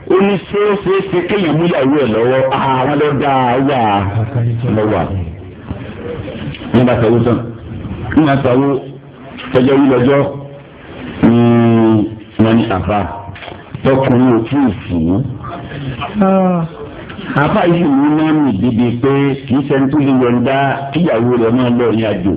ó ní ṣeéṣe ṣe kéèyàn mú ìyàwó ẹ̀ lọ́wọ́ àwọn ah, ló dá a wà lọ́wọ́ nígbà tó wúsàn nígbà tó wú tọjọ́ yí lọ́jọ́ hmm, ní wọn ní àbá tọkùnrin òfin ìsìn àbá yìí ní mọ́mì bíbi pé kì í sẹ́ni tó lè yọ̀ǹda kíyàwó rẹ̀ máa lọ ní àjò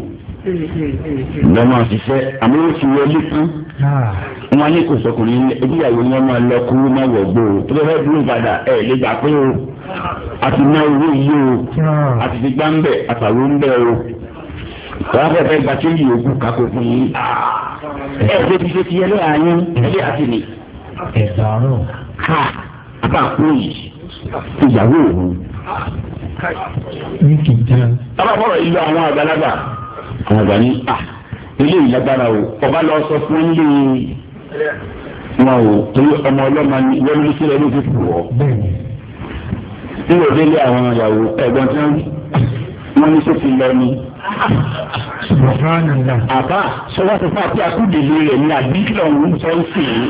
lọ́mọ àṣìṣe àmọ́ ó ti wọlé tán. Ah. wọn ní kò sọkùnrin ìdíyàwó ni wọn máa lọ kú máa wọ gbó o tó bá fẹ́ dúró padà ẹ lè gbà pé o àti owó yìí o àti ah. ti gbá ń bẹ bẹ o wọn gba ni. Ah. ẹ̀sán ká bá a kú yìí ìyàwó òun. ní kìí bàbá ìlú àwọn àgbàlagbà eléyìí lágbára o ọba lọ sọ fún ilé wọn o torí ọmọ ọlọ́mọ ni wọ́n ní sílẹ̀ ló fi kù ọ́ nílò délé àwọn ìyàwó ẹ̀gbọ́n tí wọ́n ní sófin lọ ni. àbá sọ́wọ́ sọ fún àti akúndèlé rẹ̀ ní àdínkìlọ̀ ń sọ ń sè é.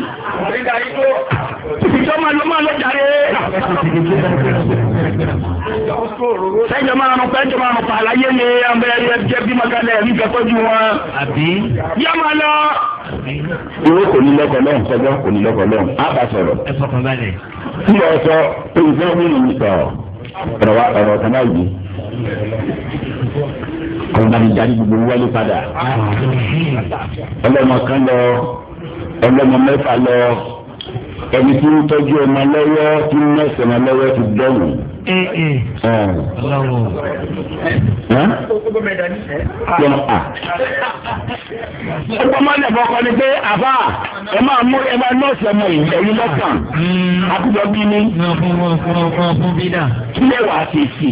ìjọba ló máa lọ jàre sẹ́jọ́ máa ń pa ẹjọ́ máa ń pa àlàyé ni ọmọ ẹ̀yẹ jẹ́ bí magalẹ̀ ẹ̀rí kẹ́kọ́jú wọn. yá máa lọ. ìwé kò ní lọ́kọ̀ lọ́hùn sọ́jọ́ kò ní lọ́kọ̀ lọ́hùn á bá sọ̀rọ̀. ẹ fọkàn sọ pé ìfẹ́ mi nì sọ ọ̀rọ̀ wa ọ̀rọ̀ kan náà yìí. àwọn bá mi darí gbogbo wọlé padà. ọlọ́mọ kan lọ ọlọ́mọ mẹ́fà lọ ẹni tí ń tọ́jú ọmọ lọ́wọ́ tí ń mẹ́sàn-án lọ́wọ́ ti dọ́wọ́ ee a ọgbọ́n máa ń dẹ̀bọ̀ kọ́ ni pé àbá ẹ máa mú ẹ máa nọ́ọ̀sì ọmọ yìí ẹ̀yin lọ́kàn àkùjọ bí ní. kí lè wà á fèsì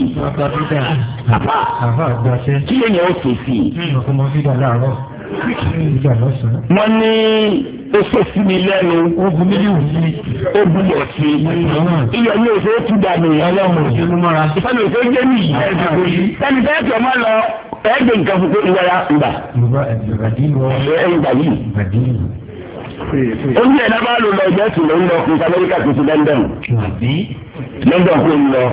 àbá kí lè yẹn ó fèsì. wọ́n ní ó fèsì mi lẹ́nu ogun mi yìí wí ogun lọ sí i iyọ̀ ní òṣèré tún dànù ọlọ́run ìfọ̀nà òṣèré jẹ́ mi yìí ẹ̀dùnkù yìí ẹni fẹ́ẹ́ tẹ̀ ọmọ lọ ẹ̀ẹ́dẹ̀ nǹkan fún pé ìwọ́ra ìgbà ẹ̀yìnbà yìí ó ní ẹ̀dá bá lò lọ ìjọ ìsìn ló ń lọ fún amẹ́ríkà tó ti London London kò ń lọ.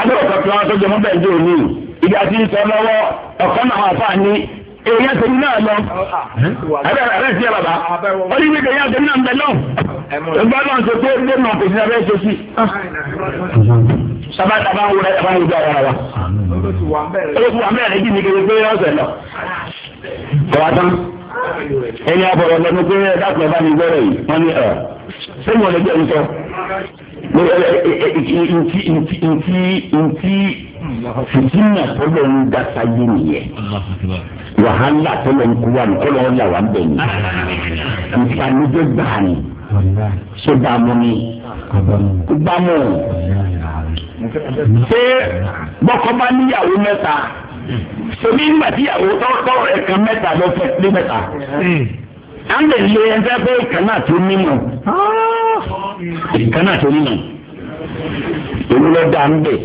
adé ọ̀kọ̀ tí wọ́n tó jẹ mọ́ bẹ́ẹ̀ dé òní ìgbà tí ń sọ lọ́wọ́ ọ̀kan náà wà fáà ní èèyàn tèmi náà lọ ẹ̀rẹ́ sí ẹ bàbá ó ní wípé èèyàn tèmi náà ń bẹ lọ ẹgbẹ́ náà ṣe pé ẹgbẹ́ náà kò sí abẹ́ ṣe sí. sábà sábà ń wúrẹ́ sábà ń wúrẹ́ ara wa olùkọ́ àmì ẹ̀rẹ́ jì ní kékeré pé ọ̀sẹ̀ lọ. kọ́wá tán ẹni àbọ̀rọ̀ lọ́nu pé ẹ dákun ẹ bá mi gbọ́rọ̀ yìí wọ́n ní ẹ̀ sẹ́yìn ọ̀lẹ́jọ́ ń sọ ntí ntí ntí ntí fitina tó lọ ń dasa yé nìyẹn wàhálà tó lọ ń kú wa ní kó lọ́wọ́ là wà ń bẹ̀ ní ìfanijẹ́ gbàá ni sódàmù ni gbàmù ṣé bọ́kọ bá níyàwó mẹ́ta sọmi ń gbàtíyàwó tọ́tọ́ ẹ̀ka mẹ́ta lọ fẹ́ lé mẹ́ta à ń lè lo ẹgbẹ́ pé ìkànnà tó nímọ̀ ìkànnà tó nímọ̀ èmi lọ́ọ́ dá ń bẹ̀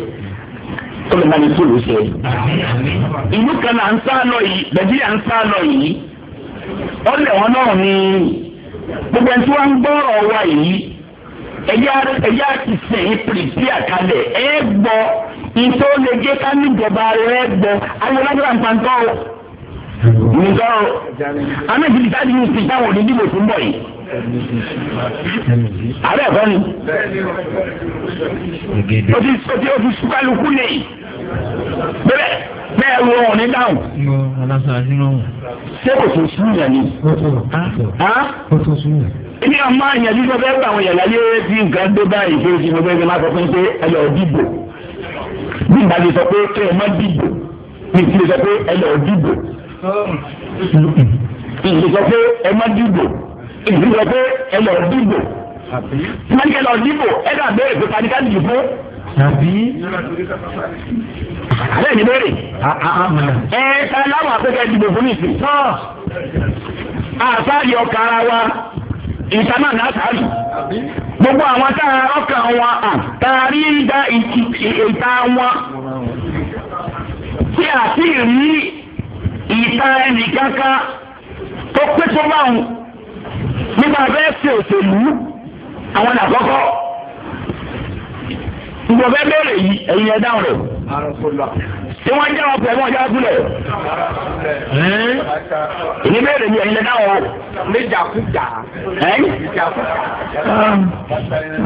kó lè bani tóòlù ṣe. ìlú kan náà ń sá lọ yìí nàìjíríà ń sá lọ yìí ọlẹ wọn náà ni gbogbo ẹni tí wọn ń gbọ́rọ̀ wa yìí ẹyá ti sẹ́yìn pìrìpìrì àkàlẹ̀ ẹ gbọ́ ìtò lè gé ká níjọba rẹ gbọ́ ayélujára nǹkan tó nǹkan tó àmì ìdílé sáà di ní ìsìn táwọn onídìbò tó ń bọ̀ yìí àbẹ́ ẹ̀kọ́ ni o ti o ti o ti sukaluku ne bẹ́ẹ̀ bẹ́ẹ̀ wọ ọ̀ ní dáhùn. ṣé kò tó sún yẹn ni. kò tó sún yẹn. ilé ọmọ àyànjú sọ fẹ́ gbà àwọn yàrá yé ti nǹkan dé báyìí ṣé o ti mọ bẹ́ẹ̀ ṣe máa sọ fún pé ẹ lọ dìbò bí ìgbà lè sọ pé kẹ́ ẹ má dìbò bí ìgbà lè sọ pé ẹ lọ dìbò ìgbà lè sọ pé ẹ má dìbò èyí lọ pé ẹ lọ dìbò wọ́n ní ẹ lọ dìbò ẹ dà bẹ́ẹ̀ pé panika dì fún. àbẹ́ ẹ̀yìn béèrè ẹ ta láwọn akẹ́kẹ́ dìbò fún ìsìn. àṣàyè ọkà ara wa ìtàmà náà sàárì gbogbo àwọn tá a ọkàn wọn à tá a rí da ìta wọn tí a ti rí ìta ẹnìkankan tó pé tó báwọn nípa abẹ́ẹ́ ṣe òṣèlú àwọn ní àkọ́kọ́ ìgbọ̀ bẹ́ẹ̀ bẹ́ẹ̀rẹ̀ yìí ẹ̀yin ẹ̀ dáhùn rẹ̀ tí wọ́n jẹ́ wọn pẹ̀lú ọjà abúlẹ̀ ìní bẹ́ẹ̀rẹ̀ yìí ẹ̀yin ẹ̀ dáhùn o. níjàkújà.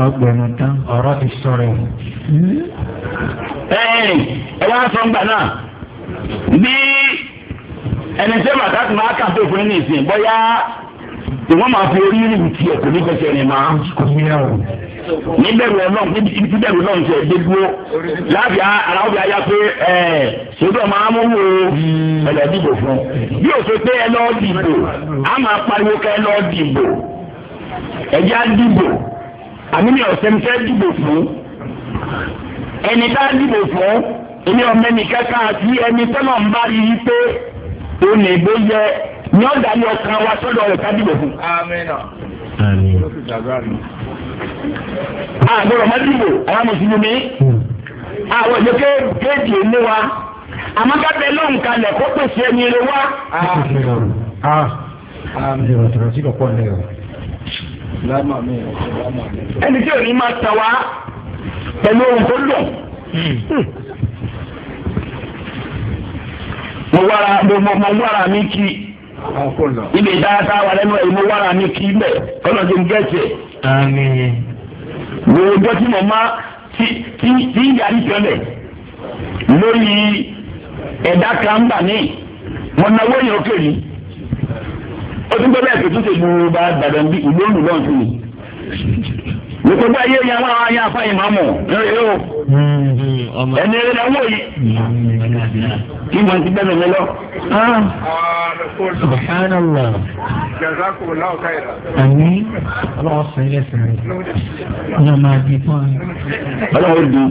ọgbẹ̀rún tán ọ̀rọ̀ ti sọ̀rọ̀ ẹ̀. ẹ wá sọ ńgbà náà bí ẹni tí màkàtúmọ̀ á kà tó fún yín ní ìsìn bóyá wọ́n máa fi orí rìn tiẹ̀ kò ní fẹsẹ̀ rìn máa. níbẹ̀rù ọlọ́run níbi tí bẹ̀rù ọlọ́run ti ẹ̀dẹ́ dúró láàbì ara ọ̀bì ayá pé ẹ̀ sódò máa mú wo ẹ̀lọ́ dìbò fún. bí o ṣe pé ẹ lọ dìbò a máa pariwo ká ẹ lọ dìbò ẹ̀jẹ̀ á dìbò àmì mi ọ̀sẹ̀ mi fẹ́ dìbò fún ẹni tá a dìbò fún èmi ọ̀mẹ́ni kẹ́kẹ́ àti ẹni tọ́lọ̀ ń bá rí i pé ó nà ègbó yẹ ni ó dàbí ọkàn wa sọ́dọ̀ rẹ̀ kábíyè fún. àgbọ̀rọ̀ mọ́dìbò àwọn mùsùlùmí àwọn hmm. ìjọké géèjì ní wa àmọ́ kábẹ́ lóhùn kalẹ̀ kó pèsè ẹni rẹ wá. ẹni tí ò ní máa tàn wá pẹ̀lú ohun tó dùn hmm. mo wára mi kí. Ah, ibi ìdáyàtà wà lẹ́nu ẹ̀ mo wára ní kí bẹ̀ ọ̀nà tó ń gẹ̀ẹ́tì ẹ̀. wo ọjọ́ tí mo máa ti ti ìyá ní sọlẹ̀ lórí ẹ̀dá kan ń bà ní wọn náwó yẹn ó kéwì ó tún gbọ́ bẹ́ẹ̀ tó tún ṣe gbogbo bá dàdàn bí ìlú òǹdùlọ́ọ̀tún ni nítorí ayé yẹn wọn àwọn ayé afa ìmáàmù lórí o hmm. ẹni eré náà wò yìí kí mo ti bẹ́ẹ̀ mi lọ. subhanallah. jazakumullahu khairan. àmín ọlọ́wọ́ sọ ilé sẹ́yìn ọlọ́wọ́ máa di fún mi. ọlọ́wọ́ di.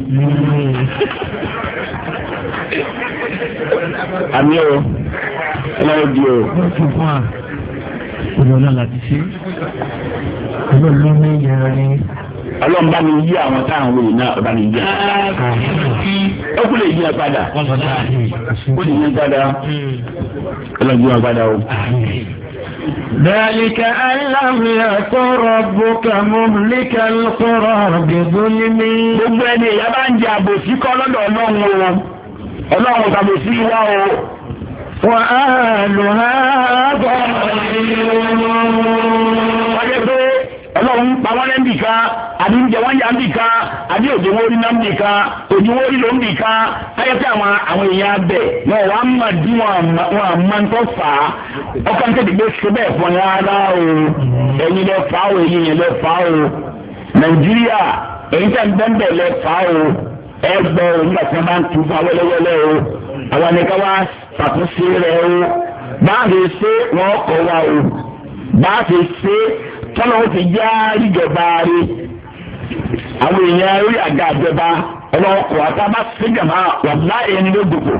àmín o ọlọ́wọ́ di o. ọlọ́wọ́ ti fún wa. olùwọ́n náà láti ṣe olóòlù ní yẹrẹ. ọlọ́run bá mi yí àwọn táwọn wòye náà ọba mi yí àwọn táwọn. ó kú padà ó lè yí padà ọlọ́run yí wọn padà o. ذلك أن لم يكن ربك مهلك القرى بظلم. gbogbo ẹni ìyá bá ń jẹ àbòsí kọ́ وأهلها ظالمون àbí ń jẹ wọ́n yà ń bì kan àbí òjò wọ́n rí náà ń bì kan òjò wọ́n rí ló ń bì kan ayé àwọn àwọn èèyàn abẹ wọn wàá mà dín wọn àmọ́ntọ́ fà á ọkàn tètè gbé ṣe fún yàrá o ẹ̀yin lẹ fà o ẹ̀yin yẹn lẹ fà o nàìjíríà ẹ̀yin tẹ̀ ń bẹ́ẹ̀ bẹ́ẹ̀ lẹ fà o ẹ gbọ́ o nígbà tí wọ́n bá ń tu fún awẹ́lẹ́wẹ́lẹ́ o àwọn ẹ̀ka wá ṣàtúnṣe rẹ o báàgì ṣe wọn kọ wa o báàgì ṣe tọ́lọ́ àwọn èèyàn rí àga àjọba ọkọ àtàbà sígàmà wà láàyè ní lóògùnkò.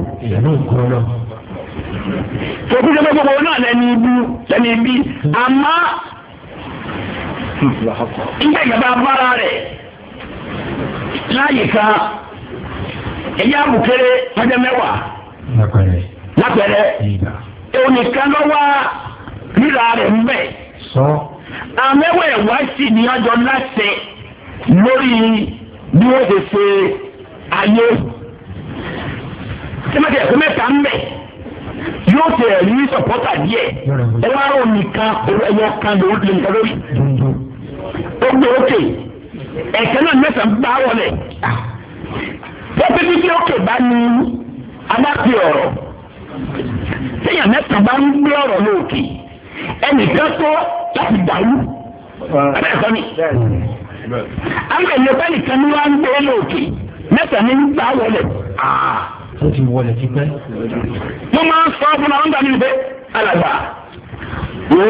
jẹ́ gbogbo náà lẹ́ni ibú lẹ́ni ibi àmọ́ ilé ìjọba bára rẹ̀ láyé kan èyí àbùkéré ọjọ́ mẹ́wàá lápẹ̀rẹ̀ onìkan rẹ̀ ń bẹ̀ wá sí ọjọ́ láṣẹ. lórí bí wọ́n ṣe ṣe ayé tẹ́lẹ̀tì ẹ̀kọ́ mẹ́ta ń bẹ̀ yóò ṣe ẹ̀rí sọ̀pọ́tà díẹ̀ ẹ wá rò nìkan ẹ̀yọ kan lórí nìkan lórí ó gbé òkè ẹ̀kẹ́ náà mẹ́ta ń bá wọlé pọ́pẹ́ títí òkè bá ní adápẹ́ ọ̀rọ̀ tẹ́yà mẹ́ta bá ń gbé ọ̀rọ̀ lóòkè ẹnìkan tó láti dàrú ah. ẹ̀rẹ́ ẹ̀kọ́ àwọn èlò pẹ́ẹ́lì kan ní wọ́n ń gbé lóòkè mẹ́ta ní gbà wọlé. ó ti wọlé ti pẹ́. mo máa ń sọ fún àwọn gbàgbé pé alàgbà wo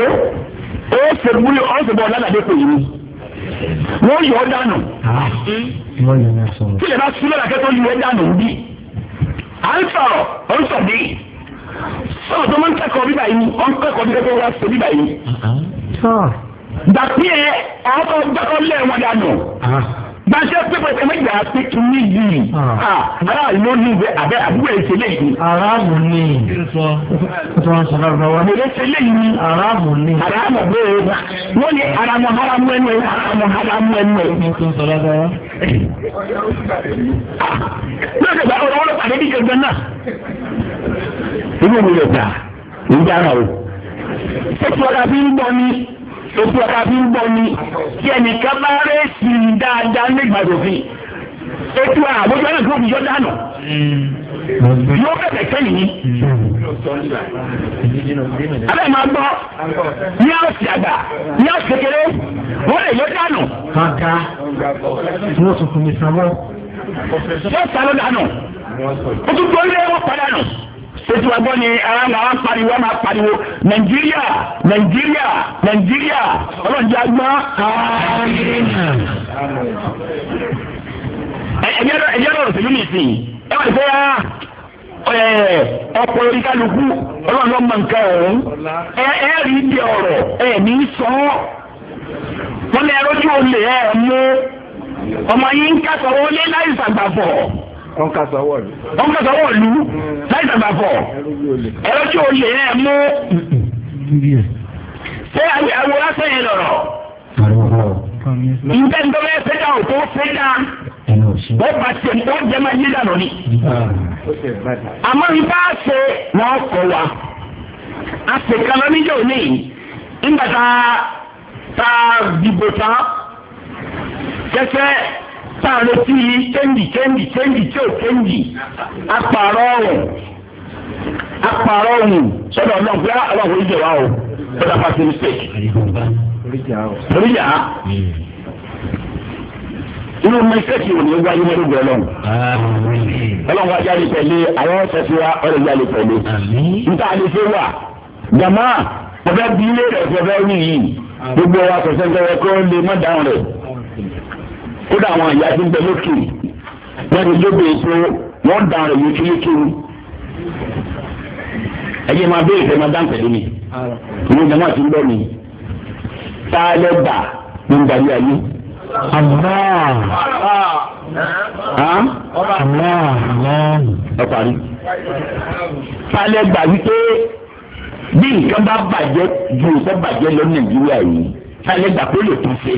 ó ṣe gbúlé ó ṣe bọ̀ lálàdé pè mí ah, wọ́n yọ ọ́ dànù. kí lè bá sílẹ̀ lákẹ́tọ̀ọ́ yọ ọ́ dànù bí. à ń sọ̀rọ̀ ó ń sọ̀ bí sọ̀rọ̀ tó máa ń kẹ́kọ̀ọ́ bíbá yìí wọ́n ń kẹ́kọ̀ọ́ bíbá yìí wọ́n bíbá yìí gbàtí ẹ àwọn ọgbẹ́kọ̀ lé wọn dànù gbàtí ẹ pépè ẹ̀mẹ́ yà á pé kìíní yìí ah. ah, ara ló ní ibẹ̀ abẹ́ àbúrò ìṣẹ̀lẹ̀ yìí. aráàmù ni ìṣẹ̀lẹ̀ ìṣẹ̀lẹ̀ yìí aráàmù ni aráàmù bẹ́ẹ̀ wọ́n ní aramu aramu ẹnu ẹ̀ aramu aramu ẹnu ẹ̀. lọ́sẹ̀ bá ọ̀rọ̀ ọ̀rọ̀ pàdé bí kẹgbẹ́ náà. inú mi lè gbà ń dára o. ṣé tí wọ́n dàbí ń gbọ́ ni ètò ọ̀tá fi ń gbọ́ ni tí ẹnìkan bá rẹ́ẹ̀sì dáadáa nígbà tòfin ètò àbójú ọ̀nà tó fi yọ dànù yóò bẹ̀rẹ̀ kẹ́yìn yìí. abẹ́ máa gbọ́ ní àwòsí àgbà ní àwòsí kékeré wọ́n lè yọ dànù. kàkà wọ́n tuntun ní sábọ́. yóò sálọ dànù. o tún gbọ́ ilé wọn padà nù ètò àgbọ̀ ni ara là wá pariwo máa pariwo nàìjíríà nàìjíríà nàìjíríà ọlọ́njẹ́ agbọ́n. ẹ̀jẹ̀ lọ́rọ̀ sílùú nìsín ẹ wà lóko yá ọ̀pọ̀ orí kálukú ọlọ́run lọ́mọ nǹkan ọ̀hún ẹ ẹ rí ibi ọ̀rọ̀ ẹ ní sọ ọ́ wọ́n lè rọ́jú olè ẹ̀ mú ọmọ yín ń kásọ̀ wọlé láì sàgbàfọ̀ wọ́n ká sọ́wọ́ ìlú. wọ́n ká sọ́wọ́ ìlú láì sàgbàfọ̀ ẹ̀rọ tí olè ẹ̀ mú. ṣé àwọ̀ lásán yẹn lọ̀rọ̀? ǹjẹ́ ǹjọ́ bẹ́ẹ̀ fẹ́ dà ó tó fẹ́ dà wọ́n bá tiẹ̀ ní wọ́n jẹ́ máa yé dànù ni. àmọ́ ibà ṣe wọ́n kọ̀ wá àṣekáná níjọ́ òní nígbà tá a dìbò tán kẹsẹ́ tá a retí kéńdì kéńdì kéńdì tí ò kéńdì apààrọ̀ ọ̀hún apààrọ̀ ọ̀hún sọ́dọ̀ ọ̀nà pé ah, ọlọ́run orí jẹ̀ wá o bẹ́ẹ̀ bá ti mistake. orí jà á inú mistake wo ni ó wáyé lórí ọlọ́run. ọlọ́run wájú àlè pẹ̀lú àwọn ọ̀sẹ̀ tí wá ọ̀rẹ́ àlè pẹ̀lú. níta àlè ṣe wà jàmá ọ̀fẹ́ bí ilé rẹ̀ fẹ́ fẹ́ rí yìí gbogbo wa sọ̀sẹ̀ ń tẹ́wọ́ kó lè má dáhùn rẹ̀ kódà àwọn àyà ti ń bẹ lókè wọ́n ti lóbi ètò wọ́n dàn rẹ̀ yékéyéké ni. ẹ̀yẹ́ máa bẹ́ẹ̀ fẹ́ máa dáǹtẹ̀ lómi ìwé ìjọba ti ń bẹ̀ mí tá a lẹ́ bà ló ń darí ayé. Àmọ́ àmọ́ ẹ parí. Tá a lẹ́ gbà wípé bí nǹkan bá bàjẹ́ ju ìṣe bàjẹ́ lọ Nàìjíríà yìí tá a lẹ́ gbà pé lè tún ṣe.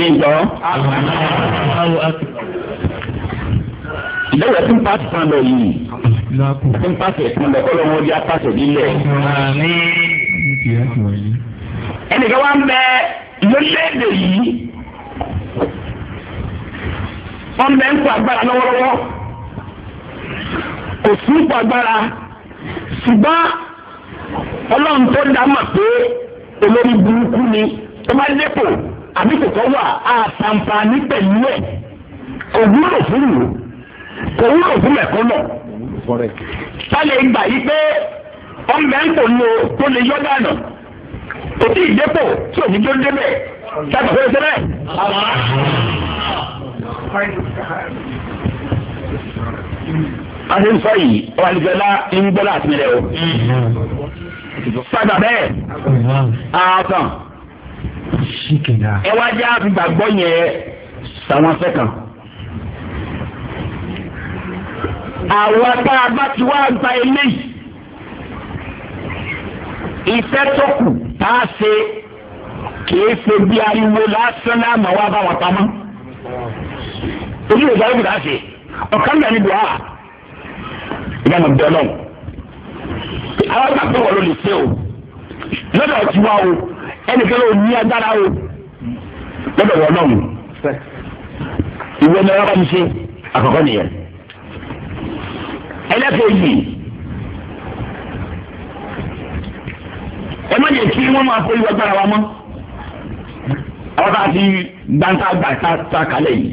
Ǹjọ́. Ìdáwọ̀ tí ń pàṣẹ kan lọ yìí. Tí ń pàṣẹ kan lọ kọ́ lọ́wọ́ di apàṣẹ nílẹ̀. Ẹnìkan wá ń bẹ lórílẹ̀-èdè yìí. Wọ́n bẹ ń kó agbára lọ́wọ́lọ́wọ́. Kò sí ń kó agbára. Ṣùgbọ́n Ọlọ́run tó dá mọ̀ pé olórí burúkú ni. Ó máa ń dépò àbí kòkó wà àtàǹfààní pẹ̀lú ẹ̀ kò wúlò fún ìlú kò wúlò fún ẹ̀kọ́ náà. sálẹ̀ ìgbà yìí pé ọmọ ẹ̀ ń kò lo tó lè yọ dànù kò tí ì dépò tí òní tó débẹ̀ sábà fẹ́rẹ́ sẹ́rẹ́. a ti yìí ọ̀hánìfẹ́lá ń gbọ́dọ̀ àtìmẹ́lẹ̀ o. sábà bẹ́ẹ̀ àtàn ẹ wá jẹ́ àfìgbàgbọ́ yẹn sàwọn sẹ́kàn. àwọn tá a bá ti wá gba eléyìí ìfẹ́ tó kù tá a ṣe kìí ṣe bí ariwo lásán náà mà wá bá wà pamọ́. ojú ìjà ló bùdá ṣe ọ̀kan náà ni dùá ìyá mi bẹ́ẹ̀ náà. àwọn àgbà pé wọ́n ló lè ṣe o lọ́dọ̀ ọ̀tí wá o ẹnìkan ò ní agbára o lọ́dọ̀ wọ náà ìwé ni wọ́n bá mi ṣe àkọ́kọ́ nìyẹn ẹlẹ́kẹ̀ẹ́jì ẹ má jẹ́ kí wọ́n máa forí agbára wa mọ́ àwọn tá a ti gbáńtà gbà tá kalẹ̀ yìí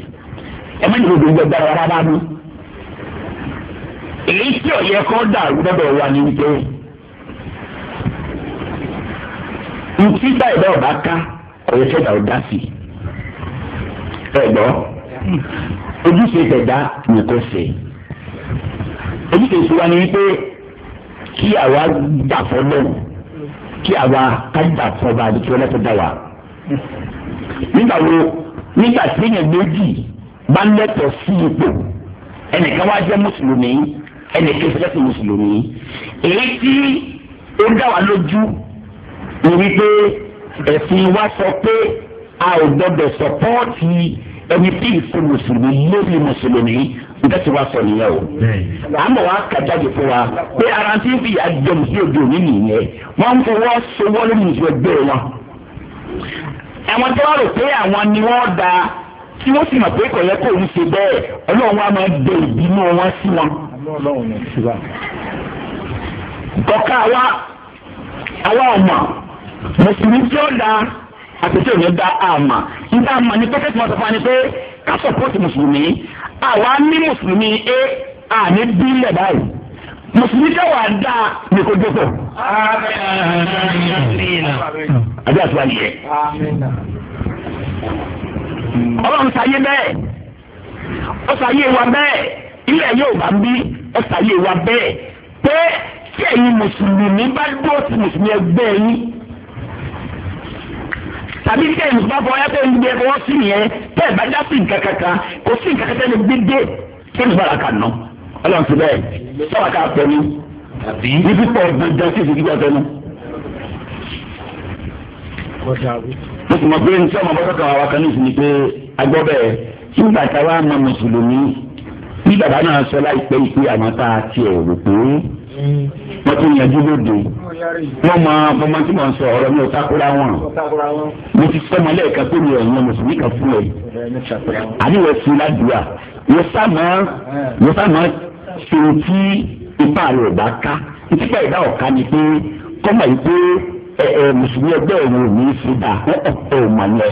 ẹ má jẹ́ kí wọ́n agbára wa rárá mọ́ èyí tí ó yẹ kó dàrú lọ́dọ̀ wa ni wípé. ntí báyìí bá ọba ká ọyọ sẹdá ọdá sí ẹ gbọ́ ojúṣe tẹ̀dá nìkan ṣe ojúṣe ìṣúra ni wípé kí àwa gbà fọlọ́ kí àwa ká gbà fọba àdìtú ọlọ́tọ̀ dá wa nígbà wo nígbà tí èèyàn méjì bá lẹ́tọ̀ọ́ sí ipò ẹnìkan wá jẹ́ mùsùlùmí ẹnìkan fẹ́ lẹ́tọ̀ọ́ mùsùlùmí èyí tí ó dá wa lójú ni wípé ẹ̀sìn wa sọ pé a ò gbọdọ̀ sọpọ́ọ̀tì ẹni tí ìfún mùsùlùmí lórí mùsùlùmí nǹkan tí wàá sọ nìyẹn o. àmọ́ wàá kàjáde fún wa pé ara tí ń fi ìyá jẹun sí òde òní nìyẹn wọ́n ń fọwọ́ sowọ́ lórí mùsùlùmí ẹgbẹ́ wọn. àwọn tí wọ́n rò pé àwọn ni wọ́n da tí wọ́n sì mọ̀ pé kò yẹ kó ń ṣe bẹ́ẹ̀ ọlọ́run wa máa gbé ìbínú wọn sí wọn. kọ̀ọ̀kan àwa àwa ọ̀mọ̀ mùsùlùmí tí ó da àtẹ̀tẹ̀ òní da àmà níta àmà ní pẹ́kẹ́ tí wọ́n sọ fún wa ni pé ká sọ̀pọ̀tì mùsùlùmí àwa ní mùsùlùmí a àní bí lẹ̀ báyìí mùsùlùmí tí wàá da ní kó dókò. àbí àti wà nìyẹn. ọlọ́run sáyé bẹ́ẹ̀ ó sáyé wa bẹ́ẹ̀ ilẹ̀ yóò bá bí ó sáyé wa bẹ́ẹ̀ pé tí ẹ̀yin mùsùlùmí bá dúró ti mùsùlùmí ẹgbẹ́ yín tàbí tẹ̀ ń bá fọ ẹ́pẹ́ ń gbé ọwọ́ sí yẹn tẹ́ ẹ̀ bá dá sí nǹkan kankan kò sí nǹkan kankan ní gbégbé tó ní bàrà kà nù ọlọ́run ti bẹ́ẹ̀ sọ́wọ́ ká pẹ́ ní ní pípọ̀ dandan sí ìdíjọ́ tẹ́ nu. mo sì mọ̀ pé ní sọ́mọ bọ́sọ̀ kan àwọn kan ní ìsìn ni pé agbọ́ bẹ́ẹ̀ nígbà táwa mọ mùsùlùmí bí bàbá náà sọ láìpẹ́ ìpè àwọn tá a tiẹ̀ rò pé wọ́n tún yanjú lóde wọ́n mọ ọmọ tí mò ń sọ ọ̀rọ̀ mi ò takora wọn mo ti sọmọ lẹ́ẹ̀kan pé mi ò yan mùsùlùmí kan fún ẹ àríwẹ̀ sí ládùúgbà mo sá mọ́ ṣe tí ipa rẹ̀ ò bá ká ìtìpá ìdá ọ̀ka ni pé kọ́mọ̀ yìí pé ẹ mùsùlùmí ẹgbẹ́ ẹ̀ ò ní í fi dà ẹ ò mà yẹ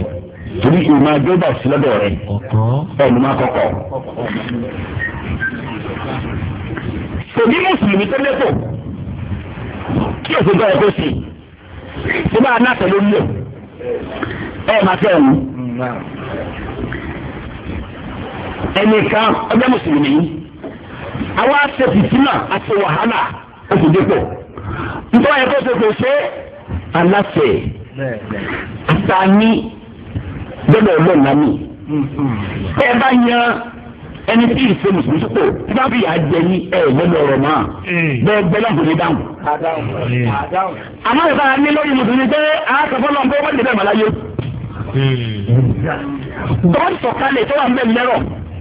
torí ìmọ̀ ẹgbẹ́ bá sí lọ́dọ̀ rẹ̀ ẹ̀ kò ní mùsùlùmí tó lẹ́kọ̀ọ́ kí òfin gbọ́ ẹ kó sí ṣé bá a náà tẹ̀lé ń lò ẹ máa tẹ̀ ẹ̀mú. ẹnìkan ọjọ́ mùsùlùmí àwa ṣe fìtínà àti wàhálà oṣù dípò nítorí ẹ kó ṣe kò ṣe aláṣẹ àtàní gbọ́dọ̀ ọlọ́ọ̀nà mi. ẹ bá yan ẹni tí ìṣe mùsùlùmí sọ́kò tí bá fi àjẹ yín ẹ lẹ́nu ọ̀rọ̀ mọ́ bẹ́ẹ̀ bẹ́ẹ̀ lọ́kùn ní dáhùn. àmọ́ ìfà ní lórí mùsùlùmí pé àákàfọ́ lọ́n pé wọ́n lè bẹ́ẹ̀ mọ́ láyé. tọ́wọ́n sọ̀kalẹ̀ tó wà ń bẹ̀ lẹ́rọ̀.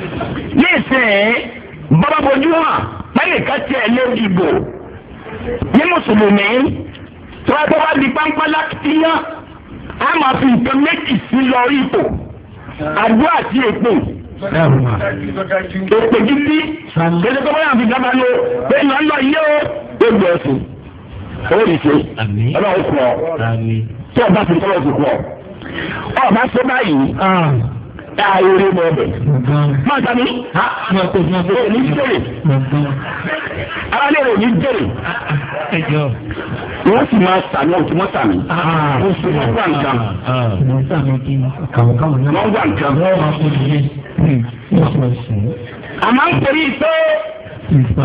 nísìnyí bàbá bojú hàn báyìí ká tiẹ̀ lé ìbò ní mùsùlùmí tí wọ́n bá wá di pánpá láti yá a máa fi nǹkan méjì sí lọ ipò àdúrà àti èpò èpò gidi kéde kọ́ báyà fi dábàá lọ pé ìlú ọlọ yé o gbogbo ẹ̀sìn owó yìí ṣe ọlọ́run kù ọ́ tí ọba fi kọ́ ọ̀sùn kù ọba ṣe báyìí ẹ eré mọ ọbẹ. má a sami. o ní jèrè. aráàlú rẹ̀ ní jèrè. wọ́n sì máa sàmì ọ̀tún mọ́ sàmì. Ah. wọ́n sì máa wà nǹkan. Ah. wọ́n wà nǹkan. àmọ́ hmm. ń pèrè pé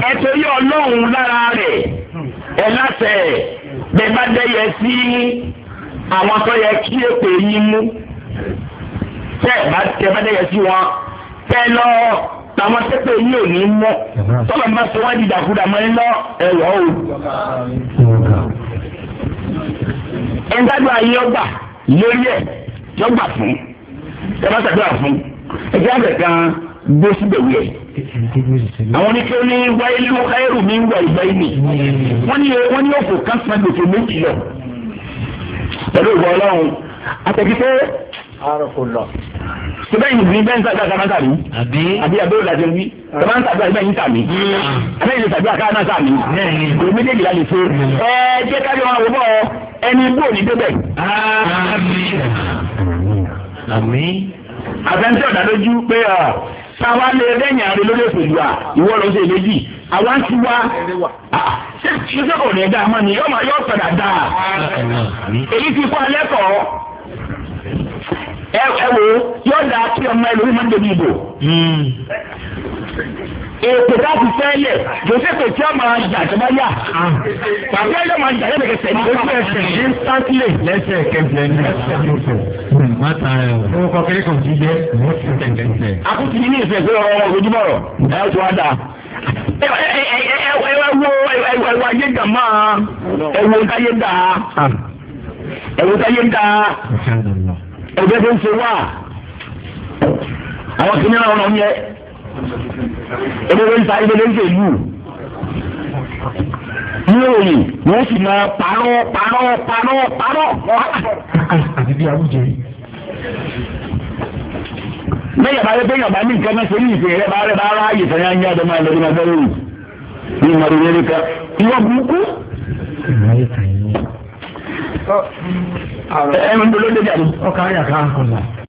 ẹ̀tọ́ hmm. yẹ ọlọ́run lára rẹ̀ ẹ̀ láṣẹ bẹ́ẹ̀ bá dẹ́yẹ sí àwọn tó yẹ kí èpè yín mú tẹ́ ẹ̀ bá tẹ́ bá dẹ́yẹ sí wọn fẹ́ lọ tàwọn sẹ́pẹ̀ yìí ò ní mọ́ tọ́lọ̀ máa sọ wọ́n di dàkúdà mọ́ ní lọ ẹ̀rọ o. ẹ̀ńdájú ayé ọgbà lórí ẹ̀ yọgbà fún ẹ bá ṣàdúrà fún ẹ jẹ́ àgbẹ̀ kan gbé síbẹ̀ wíyẹ̀. àwọn oníkẹ́ ní wáyé ló ẹrù mi ń wà ìgbà yìí nì. wọ́n ní wọ́n ní òfò kan san gbèsè méjì lọ. pẹ̀lú ìwọ ọlọ́run àtẹ̀kíkẹ́. àròkò lọ sọgbẹ́ yìí ní bẹ́ẹ̀ ń sàdúrà ká máa sàmì. àbí àbí àbí òdà jẹ́ wí ká máa ń sàdúrà ìgbà yìí sàmì. Hmm. àbẹ́ yìí sàdúrà ká máa sàmì. kò méjèèjì la lè ṣe. Hmm. ẹ jẹ́ ká yọ àwọn bọ̀ ẹni bò ní débẹ̀. àmín. àfẹ́ntẹ́ ọ̀dà lójú pé táwa lè rẹ́yìn àrè lórí òṣèlú à ìwọ ló ṣe méjì àwa ń ti wá ṣé ṣé kò ní ẹ̀dá àmọ́ ni yóò padà dáa èyí ti kọ́ alẹ́ kọ́ ẹ ẹ wo yóò dà kí ọmọ ẹlòmí máa ń dèbí ìbò. Hmm. èpè tá a ti fẹ́ lẹ̀ jòsèpè tí a máa jà tó bá yà tàbí ah. ẹ̀yọ́ máa jà lẹ́sẹ̀ kẹsẹ̀ ní ojú ẹsẹ̀ instantly lẹ́sẹ̀ kẹsẹ̀ ní ẹsẹ̀ mọ́tà ẹ̀ orúkọ kéré kan ti jẹ́ lẹ́sẹ̀. akutu ní ìfẹ́ sí ọ̀rọ̀ ojúbọ̀rọ̀ ẹ̀ tó wá dáa ẹ wo ẹwà yé dà máa ẹwọ táyé dà ah. ẹwọ táyé dà ẹgbẹ́ tó ń ṣe wá àwọn kìnìún àwọn ọmọ yẹ ebèlè ń ta ebèlè ń ṣe lù ní òòyì wọ́n sì máa parọ́ parọ́ parọ́ parọ́. àti bí arúgbó yìí lẹ́yìn àbáyé pé yàrá ní nǹkan náà sẹ́yìn ìfẹ́ rẹ̀ bá rẹ̀ bá ráàyè sẹ́yìn ayé àdó máa lọ́dún agbẹ́rẹ́ òru ní ìmọ̀lẹ́ lórí ká ìwọ burúkú ẹ̀ẹ́mú ló dé jáde. ọkàn ayà kan kọ̀ọ̀lá.